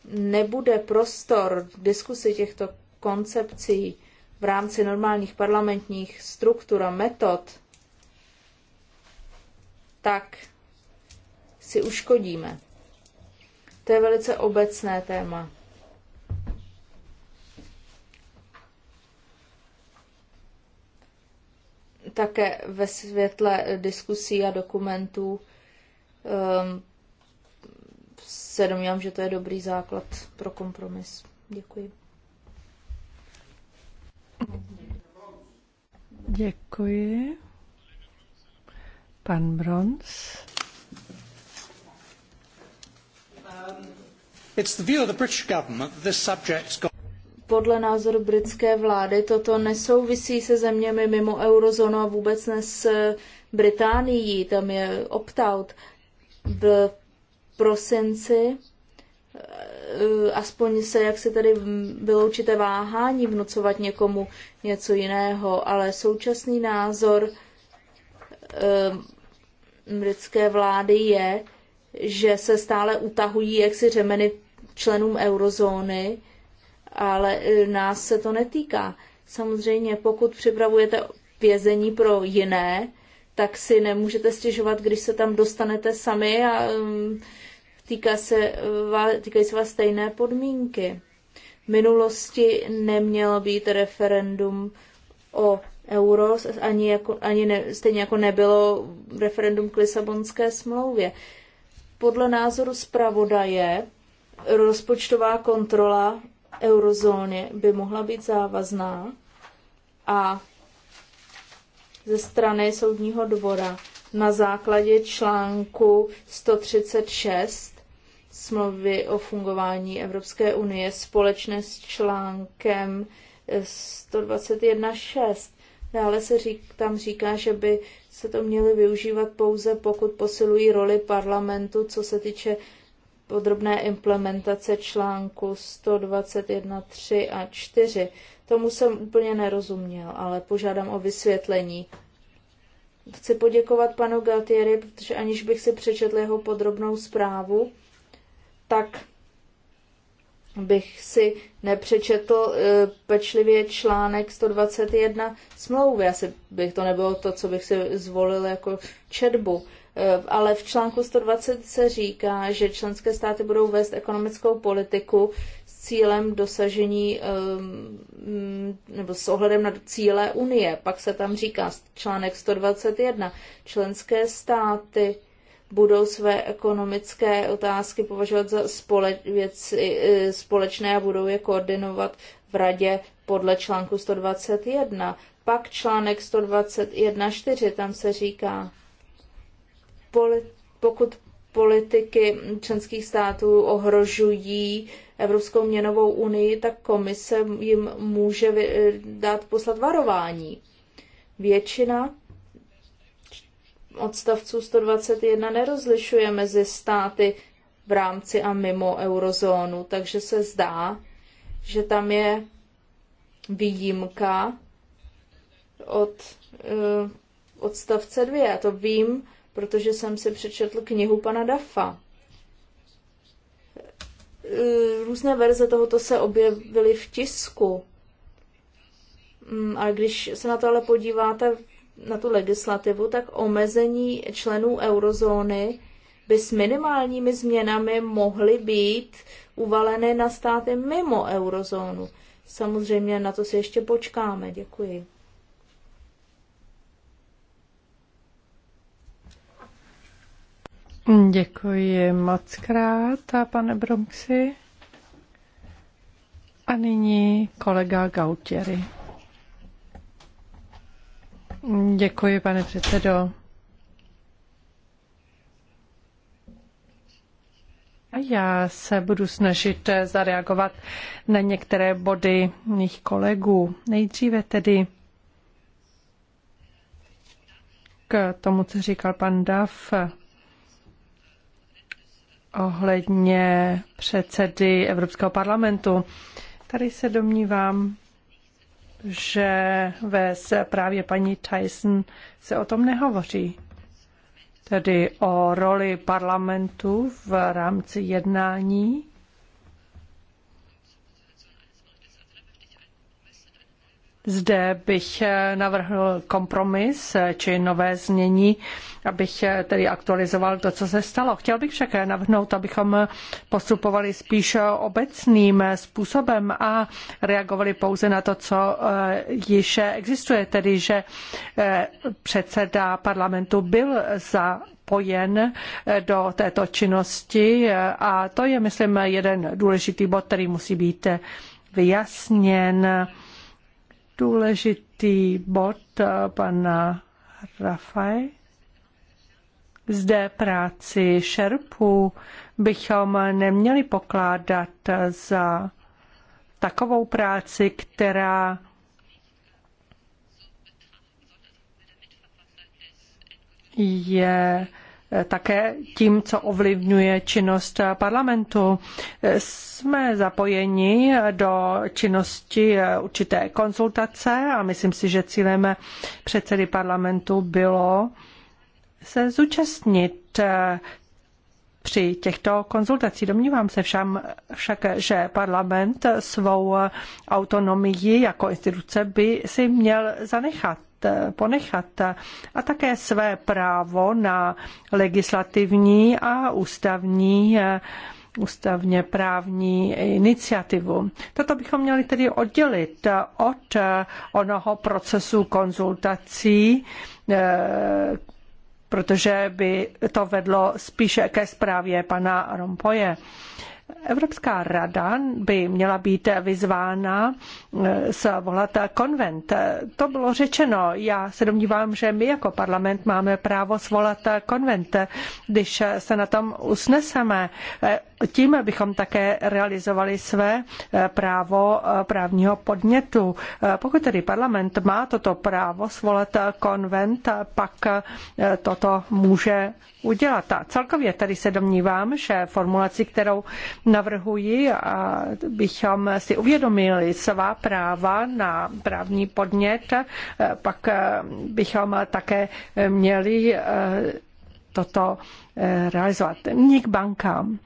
nebude prostor diskusy těchto koncepcí v rámci normálních parlamentních struktur a metod, tak si uškodíme. To je velice obecné téma. také ve světle diskusí a dokumentů um, se domnívám, že to je dobrý základ pro kompromis. Děkuji. Děkuji. Pan Brons. Um, it's the view of the British government that this subject's got podle názoru britské vlády toto nesouvisí se zeměmi mimo eurozónu a vůbec ne s Británií, tam je opt-out. V prosinci eh, aspoň se, jak se tady vyloučíte váhání vnucovat někomu něco jiného, ale současný názor eh, britské vlády je, že se stále utahují jaksi řemeny členům eurozóny, ale e, nás se to netýká. Samozřejmě, pokud připravujete vězení pro jiné, tak si nemůžete stěžovat, když se tam dostanete sami a mm, týká se, e, týkají se vás stejné podmínky. V minulosti nemělo být referendum o euro, ani, jako, ani ne, stejně jako nebylo referendum k Lisabonské smlouvě. Podle názoru zpravodaje rozpočtová kontrola eurozóny by mohla být závazná a ze strany soudního dvora na základě článku 136 smlouvy o fungování Evropské unie společně s článkem 121.6. Dále se řík, tam říká, že by se to měly využívat pouze, pokud posilují roli parlamentu, co se týče podrobné implementace článku 121.3 a 4. Tomu jsem úplně nerozuměl, ale požádám o vysvětlení. Chci poděkovat panu Galtieri, protože aniž bych si přečetl jeho podrobnou zprávu, tak bych si nepřečetl e, pečlivě článek 121 smlouvy. Asi bych to nebylo to, co bych si zvolil jako četbu. Eh, ale v článku 120 se říká, že členské státy budou vést ekonomickou politiku s cílem dosažení ehm, mm, nebo s ohledem na cíle Unie. Pak se tam říká článek 121. Členské státy budou své ekonomické otázky považovat za spole, věci, eh, společné a budou je koordinovat v radě podle článku 121. Pak článek 121.4, tam se říká, pokud politiky členských států ohrožují Evropskou měnovou unii, tak komise jim může dát poslat varování. Většina odstavců 121 nerozlišuje mezi státy v rámci a mimo eurozónu, takže se zdá, že tam je výjimka od eh, odstavce 2. Já to vím, protože jsem si přečetl knihu pana Dafa. E, různé verze tohoto se objevily v tisku. Mm, ale když se na to ale podíváte na tu legislativu, tak omezení členů eurozóny by s minimálními změnami mohly být uvaleny na státy mimo eurozónu. Samozřejmě na to si ještě počkáme. Děkuji. Děkuji moc krát, a pane Bronxy. A nyní kolega Gautieri. Děkuji, pane předsedo. A já se budu snažit zareagovat na některé body mých kolegů. Nejdříve tedy k tomu, co říkal pan Dav ohledně předsedy Evropského parlamentu. Tady se domnívám, že ve právě paní Tyson se o tom nehovoří. Tedy o roli parlamentu v rámci jednání Zde bych eh, navrhl kompromis eh, či nové znění, abych eh, tedy aktualizoval to, co se stalo. Chtěl bych však navrhnout, abychom postupovali spíš obecným způsobem a reagovali pouze na to, co již existuje, tedy že předseda parlamentu byl za zapojen do této činnosti a to je, myslím, jeden důležitý bod, který musí být vyjasněn důležitý bod eh, pana Rafaj. Zde práci šerpů bychom neměli pokládat za takovou práci, která je Eh, také tím, co ovlivňuje činnost parlamentu. Eh, jsme zapojeni do činnosti eh, určité konzultace a myslím si, že cílem předsedy parlamentu bylo se zúčastnit při těchto konzultacích domnívám se všam, však, že parlament svou autonomii jako instituce by si měl zanechat. Eh, ponechat a také své právo na legislativní a ústavní eh, ústavně právní iniciativu. Toto bychom měli tedy oddělit eh, od onoho procesu konzultací, protože by to vedlo spíše ke zprávě pana Rompoje. Evropská rada by měla být vyzvána eh, svolat konvent. To bylo řečeno. Já se domnívám, že my jako parlament máme právo svolat konvent, když se na tom usneseme. Tím bychom také realizovali své eh, právo eh, právního podnětu. Eh, pokud tedy parlament má toto právo svolat konvent, pak toto může udělat. A celkově tedy se domnívám, že formulaci, kterou navrhuji, bychom si uvědomili svá práva na právní podnět, pak bychom také měli toto eh, realizovat. Nyní k bankám.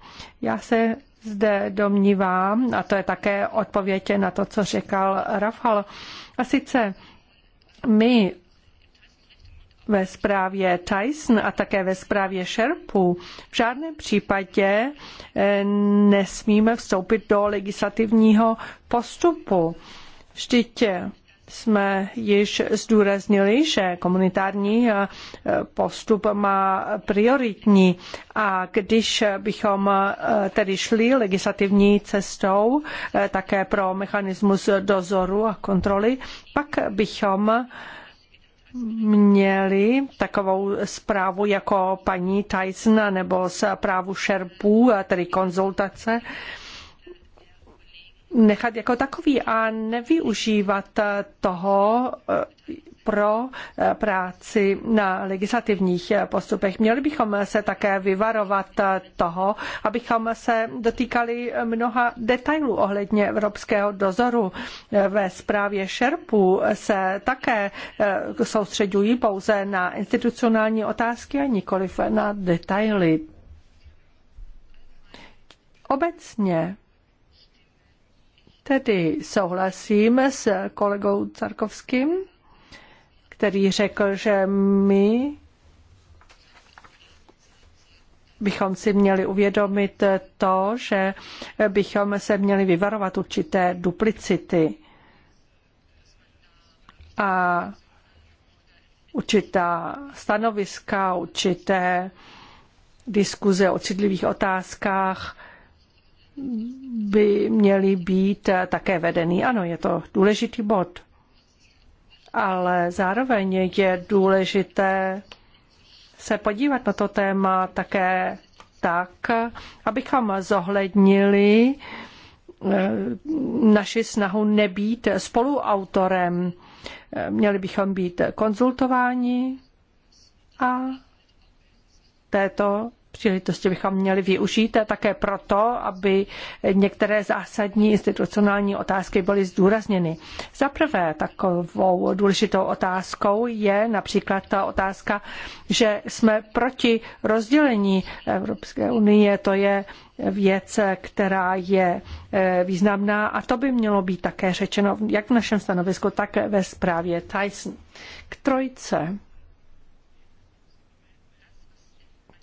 Já se zde domnívám, a to je také odpověď na to, co říkal Rafal, a sice my ve zprávě Tyson a také ve zprávě Sherpu v žádném případě eh, nesmíme vstoupit do legislativního postupu. Vždyť eh, jsme již zdůraznili, že komunitární eh, postup má prioritní a když bychom eh, tedy šli legislativní cestou eh, také pro mechanismus dozoru a kontroly, pak bychom měli takovou zprávu jako paní Tyson nebo zprávu Sherpů, tedy konzultace, nechat jako takový a nevyužívat toho eh, pro eh, práci na legislativních eh, postupech. Měli bychom se také vyvarovat toho, abychom se dotýkali mnoha detailů ohledně evropského dozoru. Ve zprávě šerpů se také soustředují pouze na institucionální otázky a nikoliv na detaily. Obecně Tedy souhlasím s kolegou Carkovským, který řekl, že my bychom si měli uvědomit to, že bychom se měli vyvarovat určité duplicity a určitá stanoviska, určité diskuze o citlivých otázkách by měly být také vedený. Ano, je to důležitý bod, ale zároveň je důležité se podívat na to téma také tak, abychom zohlednili eh, naši snahu nebýt spoluautorem. Měli bychom být konzultováni a této příležitosti bychom měli využít a také proto, aby některé zásadní institucionální otázky byly zdůrazněny. Za prvé takovou důležitou otázkou je například ta otázka, že jsme proti rozdělení Evropské unie, to je věc, která je eh, významná a to by mělo být také řečeno jak v našem stanovisku, tak ve zprávě Tyson. K trojce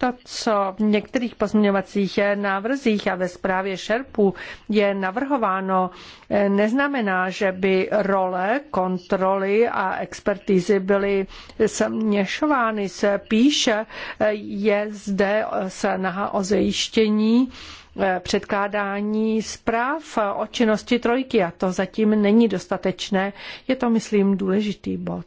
to, co v některých pozměňovacích návrzích a ve zprávě šerpů je navrhováno, neznamená, že by role, kontroly a expertízy byly směšovány. Spíše je zde snaha o zajištění eh, předkládání zpráv o činnosti trojky a to zatím není dostatečné. Je to, myslím, důležitý bod.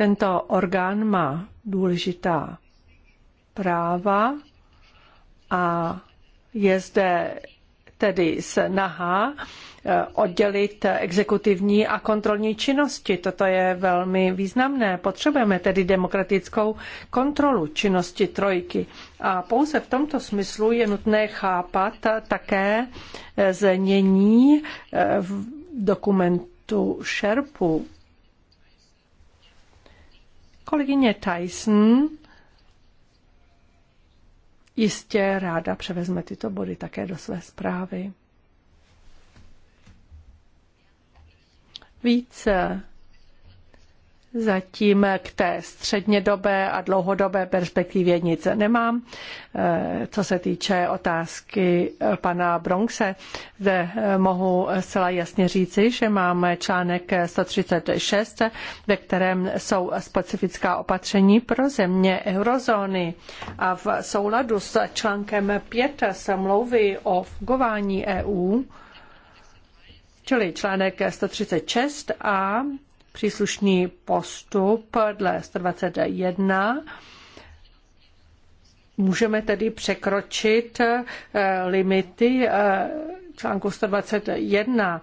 Tento orgán má důležitá práva a je zde tedy snaha eh, oddělit exekutivní a kontrolní činnosti. Toto je velmi významné. Potřebujeme tedy demokratickou kontrolu činnosti trojky. A pouze v tomto smyslu je nutné chápat také eh, znění eh, dokumentu šerpu Kolegyně Tyson jistě ráda převezme tyto body také do své zprávy. Více Zatím k té střednědobé a dlouhodobé perspektivě nic nemám. Eh, co se týče otázky eh, pana Bronxe, zde eh, mohu zcela jasně říci, že máme článek 136, ve kterém jsou specifická opatření pro země eurozóny. A v souladu s článkem 5 smlouvy o fungování EU, čili článek 136a, příslušný postup dle 121 můžeme tedy překročit eh, limity eh, článku 121.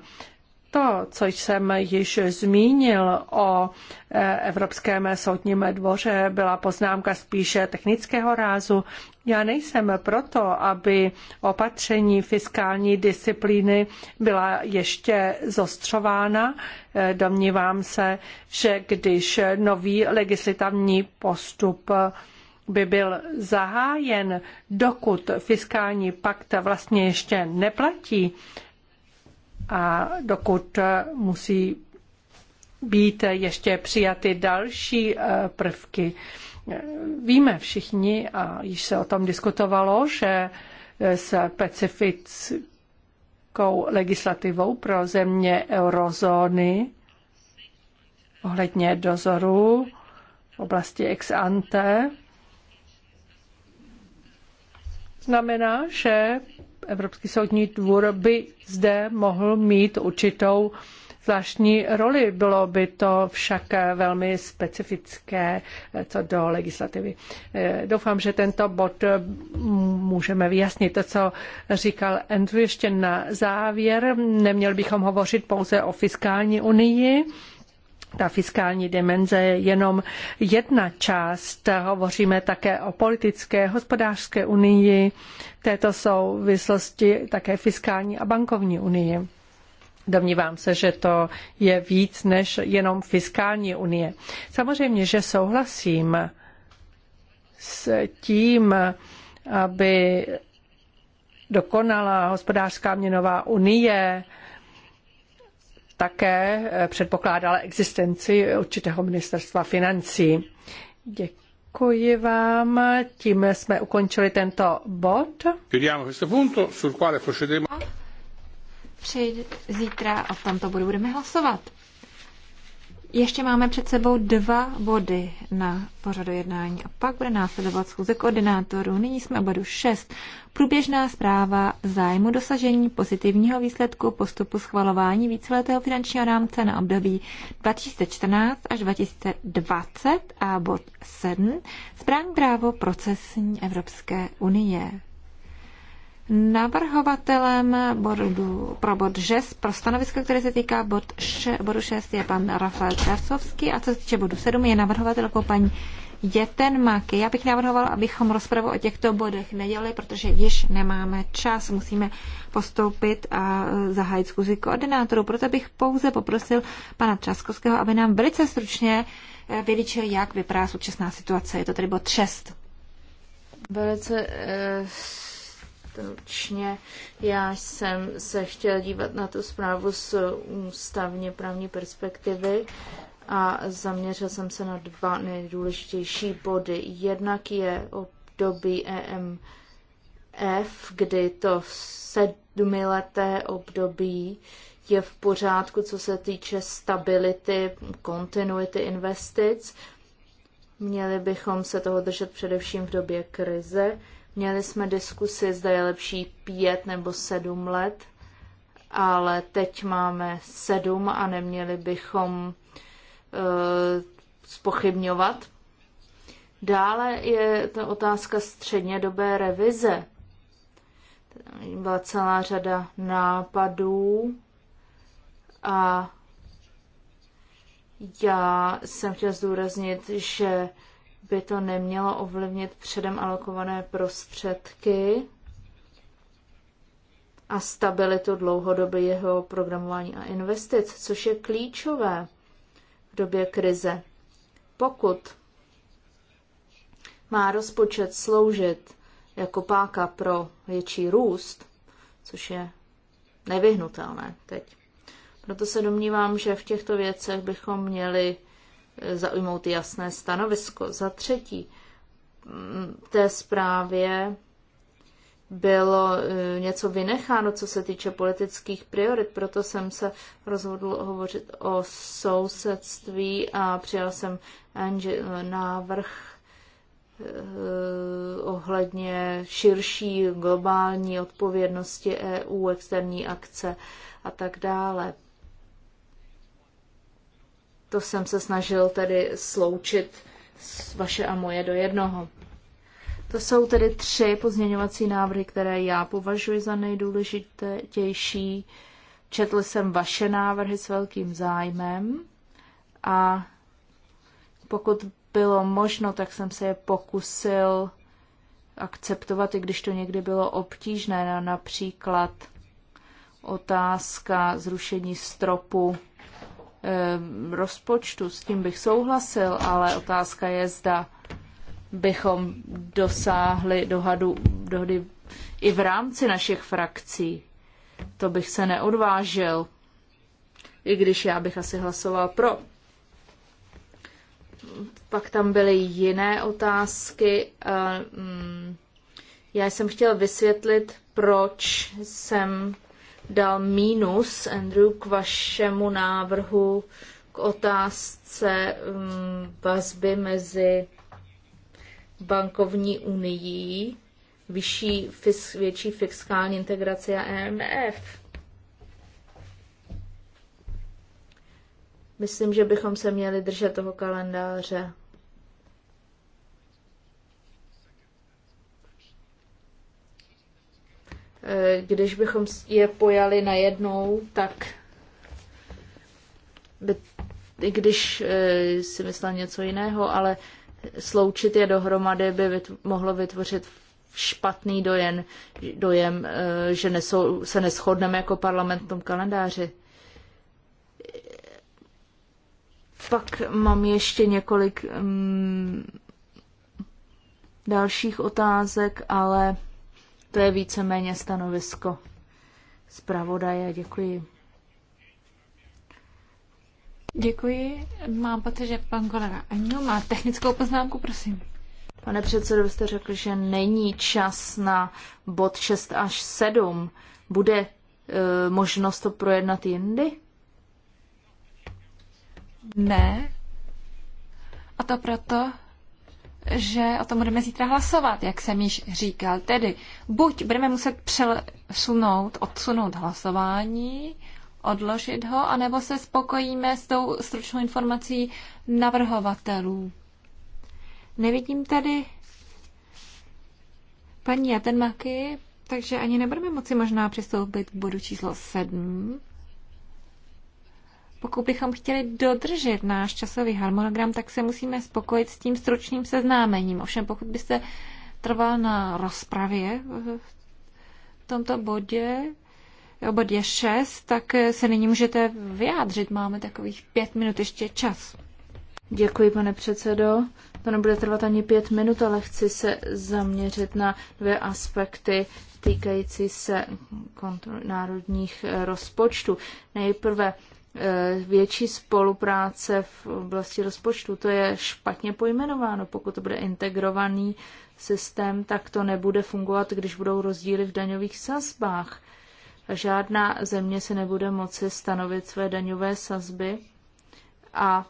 To, co jsem již zmínil o e, Evropském soudním dvoře, byla poznámka spíše technického rázu. Já nejsem proto, aby opatření fiskální disciplíny byla ještě zostřována. E, domnívám se, že když nový legislativní postup by byl zahájen, dokud fiskální pakt vlastně ještě neplatí, a dokud eh, musí být ještě přijaty další eh, prvky, eh, víme všichni, a již se o tom diskutovalo, že specifickou legislativou pro země eurozóny ohledně dozoru v oblasti ex ante znamená, že Evropský soudní dvůr by zde mohl mít určitou zvláštní roli. Bylo by to však velmi specifické eh, co do legislativy. Eh, doufám, že tento bod eh, můžeme vyjasnit. To, co říkal Andrew ještě na závěr, neměli bychom hovořit pouze o fiskální unii, ta fiskální dimenze je jenom jedna část. Hovoříme také o politické, hospodářské unii, této souvislosti také fiskální a bankovní unii. Domnívám se, že to je víc než jenom fiskální unie. Samozřejmě, že souhlasím s tím, aby dokonalá hospodářská měnová unie také eh, předpokládala existenci určitého ministerstva financí. Děkuji vám. Tím jsme ukončili tento bod. Přeji zítra o tomto bodu budeme hlasovat. Ještě máme před sebou dva body na pořadu jednání a pak bude následovat schůze koordinátorů. Nyní jsme bodu 6. Průběžná zpráva zájmu dosažení pozitivního výsledku postupu schvalování víceletého finančního rámce na období 2014 až 2020 a bod 7. Správní právo procesní Evropské unie. Navrhovatelem bodu, pro bod 6, pro stanovisko, které se týká bod š, bodu 6, je pan Rafael Tersovský. a co se týče bodu 7, je navrhovatelkou paní Jeten Maky. Já bych navrhovala, abychom rozpravu o těchto bodech nedělali, protože již nemáme čas, musíme postoupit a zahájit zkuzi koordinátorů. Proto bych pouze poprosil pana Třaskovského, aby nám velice stručně eh, vylíčil, jak vypadá současná situace. Je to tedy bod 6. Velice eh, stručně. Já jsem se chtěla dívat na tu zprávu z ústavně právní perspektivy a zaměřil jsem se na dva nejdůležitější body. Jednak je období EMF, kdy to sedmileté období je v pořádku, co se týče stability, kontinuity investic. Měli bychom se toho držet především v době krize. Měli jsme diskusi, zda je lepší pět nebo sedm let, ale teď máme sedm a neměli bychom uh, spochybňovat. Dále je ta otázka střednědobé revize. Byla celá řada nápadů a já jsem chtěla zdůraznit, že by to nemělo ovlivnit předem alokované prostředky a stabilitu dlouhodobého programování a investic, což je klíčové v době krize. Pokud má rozpočet sloužit jako páka pro větší růst, což je nevyhnutelné teď. Proto se domnívám, že v těchto věcech bychom měli zaujmout jasné stanovisko. Za třetí, mm, té zprávě bylo e, něco vynecháno, co se týče politických priorit, proto jsem se rozhodl hovořit o sousedství a přijal jsem e, e, návrh ohledně širší globální odpovědnosti EU, externí akce a tak dále. To jsem se snažil tedy sloučit vaše a moje do jednoho. To jsou tedy tři pozměňovací návrhy, které já považuji za nejdůležitější. Četl jsem vaše návrhy s velkým zájmem a pokud bylo možno, tak jsem se je pokusil akceptovat, i když to někdy bylo obtížné, například otázka zrušení stropu Eh, rozpočtu, s tím bych souhlasil, ale otázka je, zda bychom dosáhli dohadu, dohody i v rámci našich frakcí. To bych se neodvážil, i když já bych asi hlasoval pro. Pak tam byly jiné otázky. Eh, mm, já jsem chtěl vysvětlit, proč jsem dal mínus, Andrew, k vašemu návrhu k otázce mm, vazby mezi bankovní unii, vyšší, větší fiskální integrace a EMF. Myslím, že bychom se měli držet toho kalendáře. Eh, když bychom je pojali najednou, tak by, i když eh, si myslel něco jiného, ale sloučit je dohromady by vytv- mohlo vytvořit špatný dojem, dojem eh, že nesou, se neschodneme jako parlament v tom kalendáři. Pak mám ještě několik um, dalších otázek, ale to je víceméně stanovisko zpravodaje. Děkuji. Děkuji. Mám pocit, že pan kolega Aňo má technickou poznámku, prosím. Pane předsedo, jste řekl, že není čas na bod 6 až 7. Bude e, možnost to projednat jindy? Ne. A to proto, že o tom budeme zítra hlasovat, jak jsem již říkal. Tedy buď budeme muset přesunout, odsunout hlasování, odložit ho, anebo se spokojíme s tou stručnou informací navrhovatelů. Nevidím tady paní Jatenmaky, takže ani nebudeme moci možná přistoupit k bodu číslo 7. Pokud bychom chtěli dodržet náš časový harmonogram, tak se musíme spokojit s tím stručným seznámením. Ovšem, pokud byste trval na rozpravě v tomto bodě, o bodě 6, tak se nyní můžete vyjádřit. Máme takových pět minut ještě čas. Děkuji, pane předsedo. To nebude trvat ani pět minut, ale chci se zaměřit na dvě aspekty týkající se kontrol národních eh, rozpočtů. Nejprve Eh, větší spolupráce v oblasti rozpočtu. To je špatně pojmenováno. Pokud to bude integrovaný systém, tak to nebude fungovat, když budou rozdíly v daňových sazbách. Žádná země si nebude moci stanovit své daňové sazby a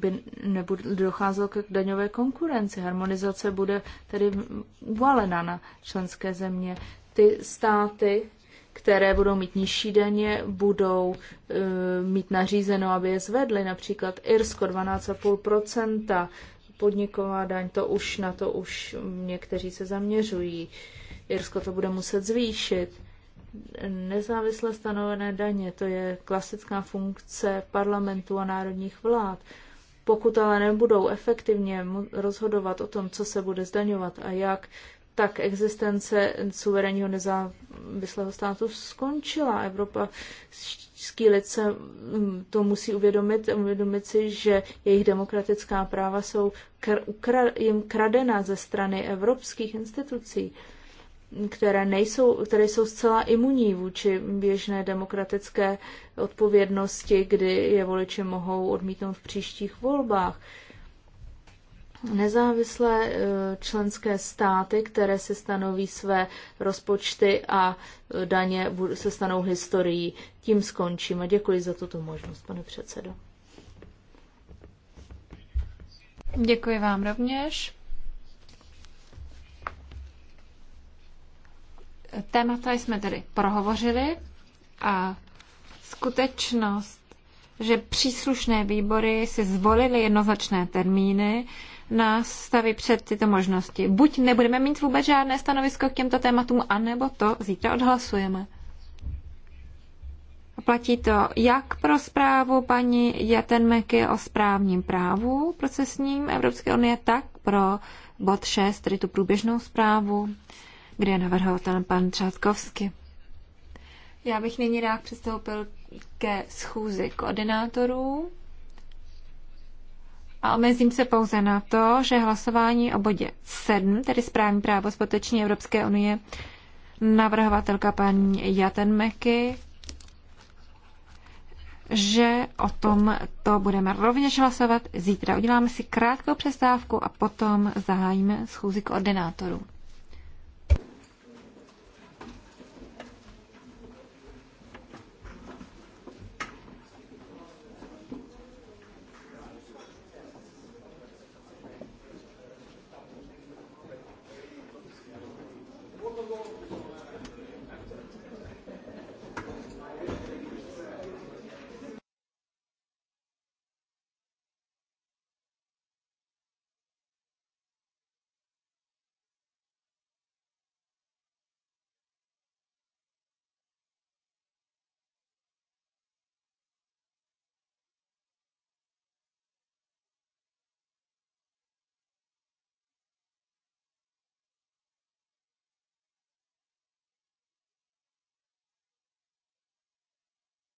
by docházelo k daňové konkurenci. Harmonizace bude tedy uvalena na členské země. Ty státy, které budou mít nižší daně, budou e, mít nařízeno, aby je zvedly. Například Irsko 12,5%, podniková daň, to už na to už někteří se zaměřují. Irsko to bude muset zvýšit. Nezávisle stanovené daně, to je klasická funkce parlamentu a národních vlád. Pokud ale nebudou efektivně rozhodovat o tom, co se bude zdaňovat a jak, tak existence suverénního nezávislého státu skončila. Evropa lid se mm, to musí uvědomit, uvědomit si, že jejich demokratická práva jsou kr- jim kradena ze strany evropských institucí, které, nejsou, které jsou zcela imunní vůči běžné demokratické odpovědnosti, kdy je voliči mohou odmítnout v příštích volbách nezávislé eh, členské státy, které si stanoví své rozpočty a eh, daně se stanou historií. Tím skončím a děkuji za tuto možnost, pane předsedo. Děkuji vám rovněž. Témata jsme tedy prohovořili a skutečnost, že příslušné výbory si zvolili jednoznačné termíny, nás staví před tyto možnosti. Buď nebudeme mít vůbec žádné stanovisko k těmto tématům, anebo to zítra odhlasujeme. A platí to jak pro zprávu paní Jatenmeky o správním právu procesním Evropské unie, tak pro bod 6, tedy tu průběžnou zprávu, kde je ten pan Třátkovsky. Já bych nyní rád přistoupil ke schůzi koordinátorů a omezím se pouze na to, že hlasování o bodě 7, tedy správní právo spoteční Evropské unie, navrhovatelka paní Jatenmeky, že o tom to budeme rovněž hlasovat zítra. Uděláme si krátkou přestávku a potom zahájíme schůzi koordinátorů.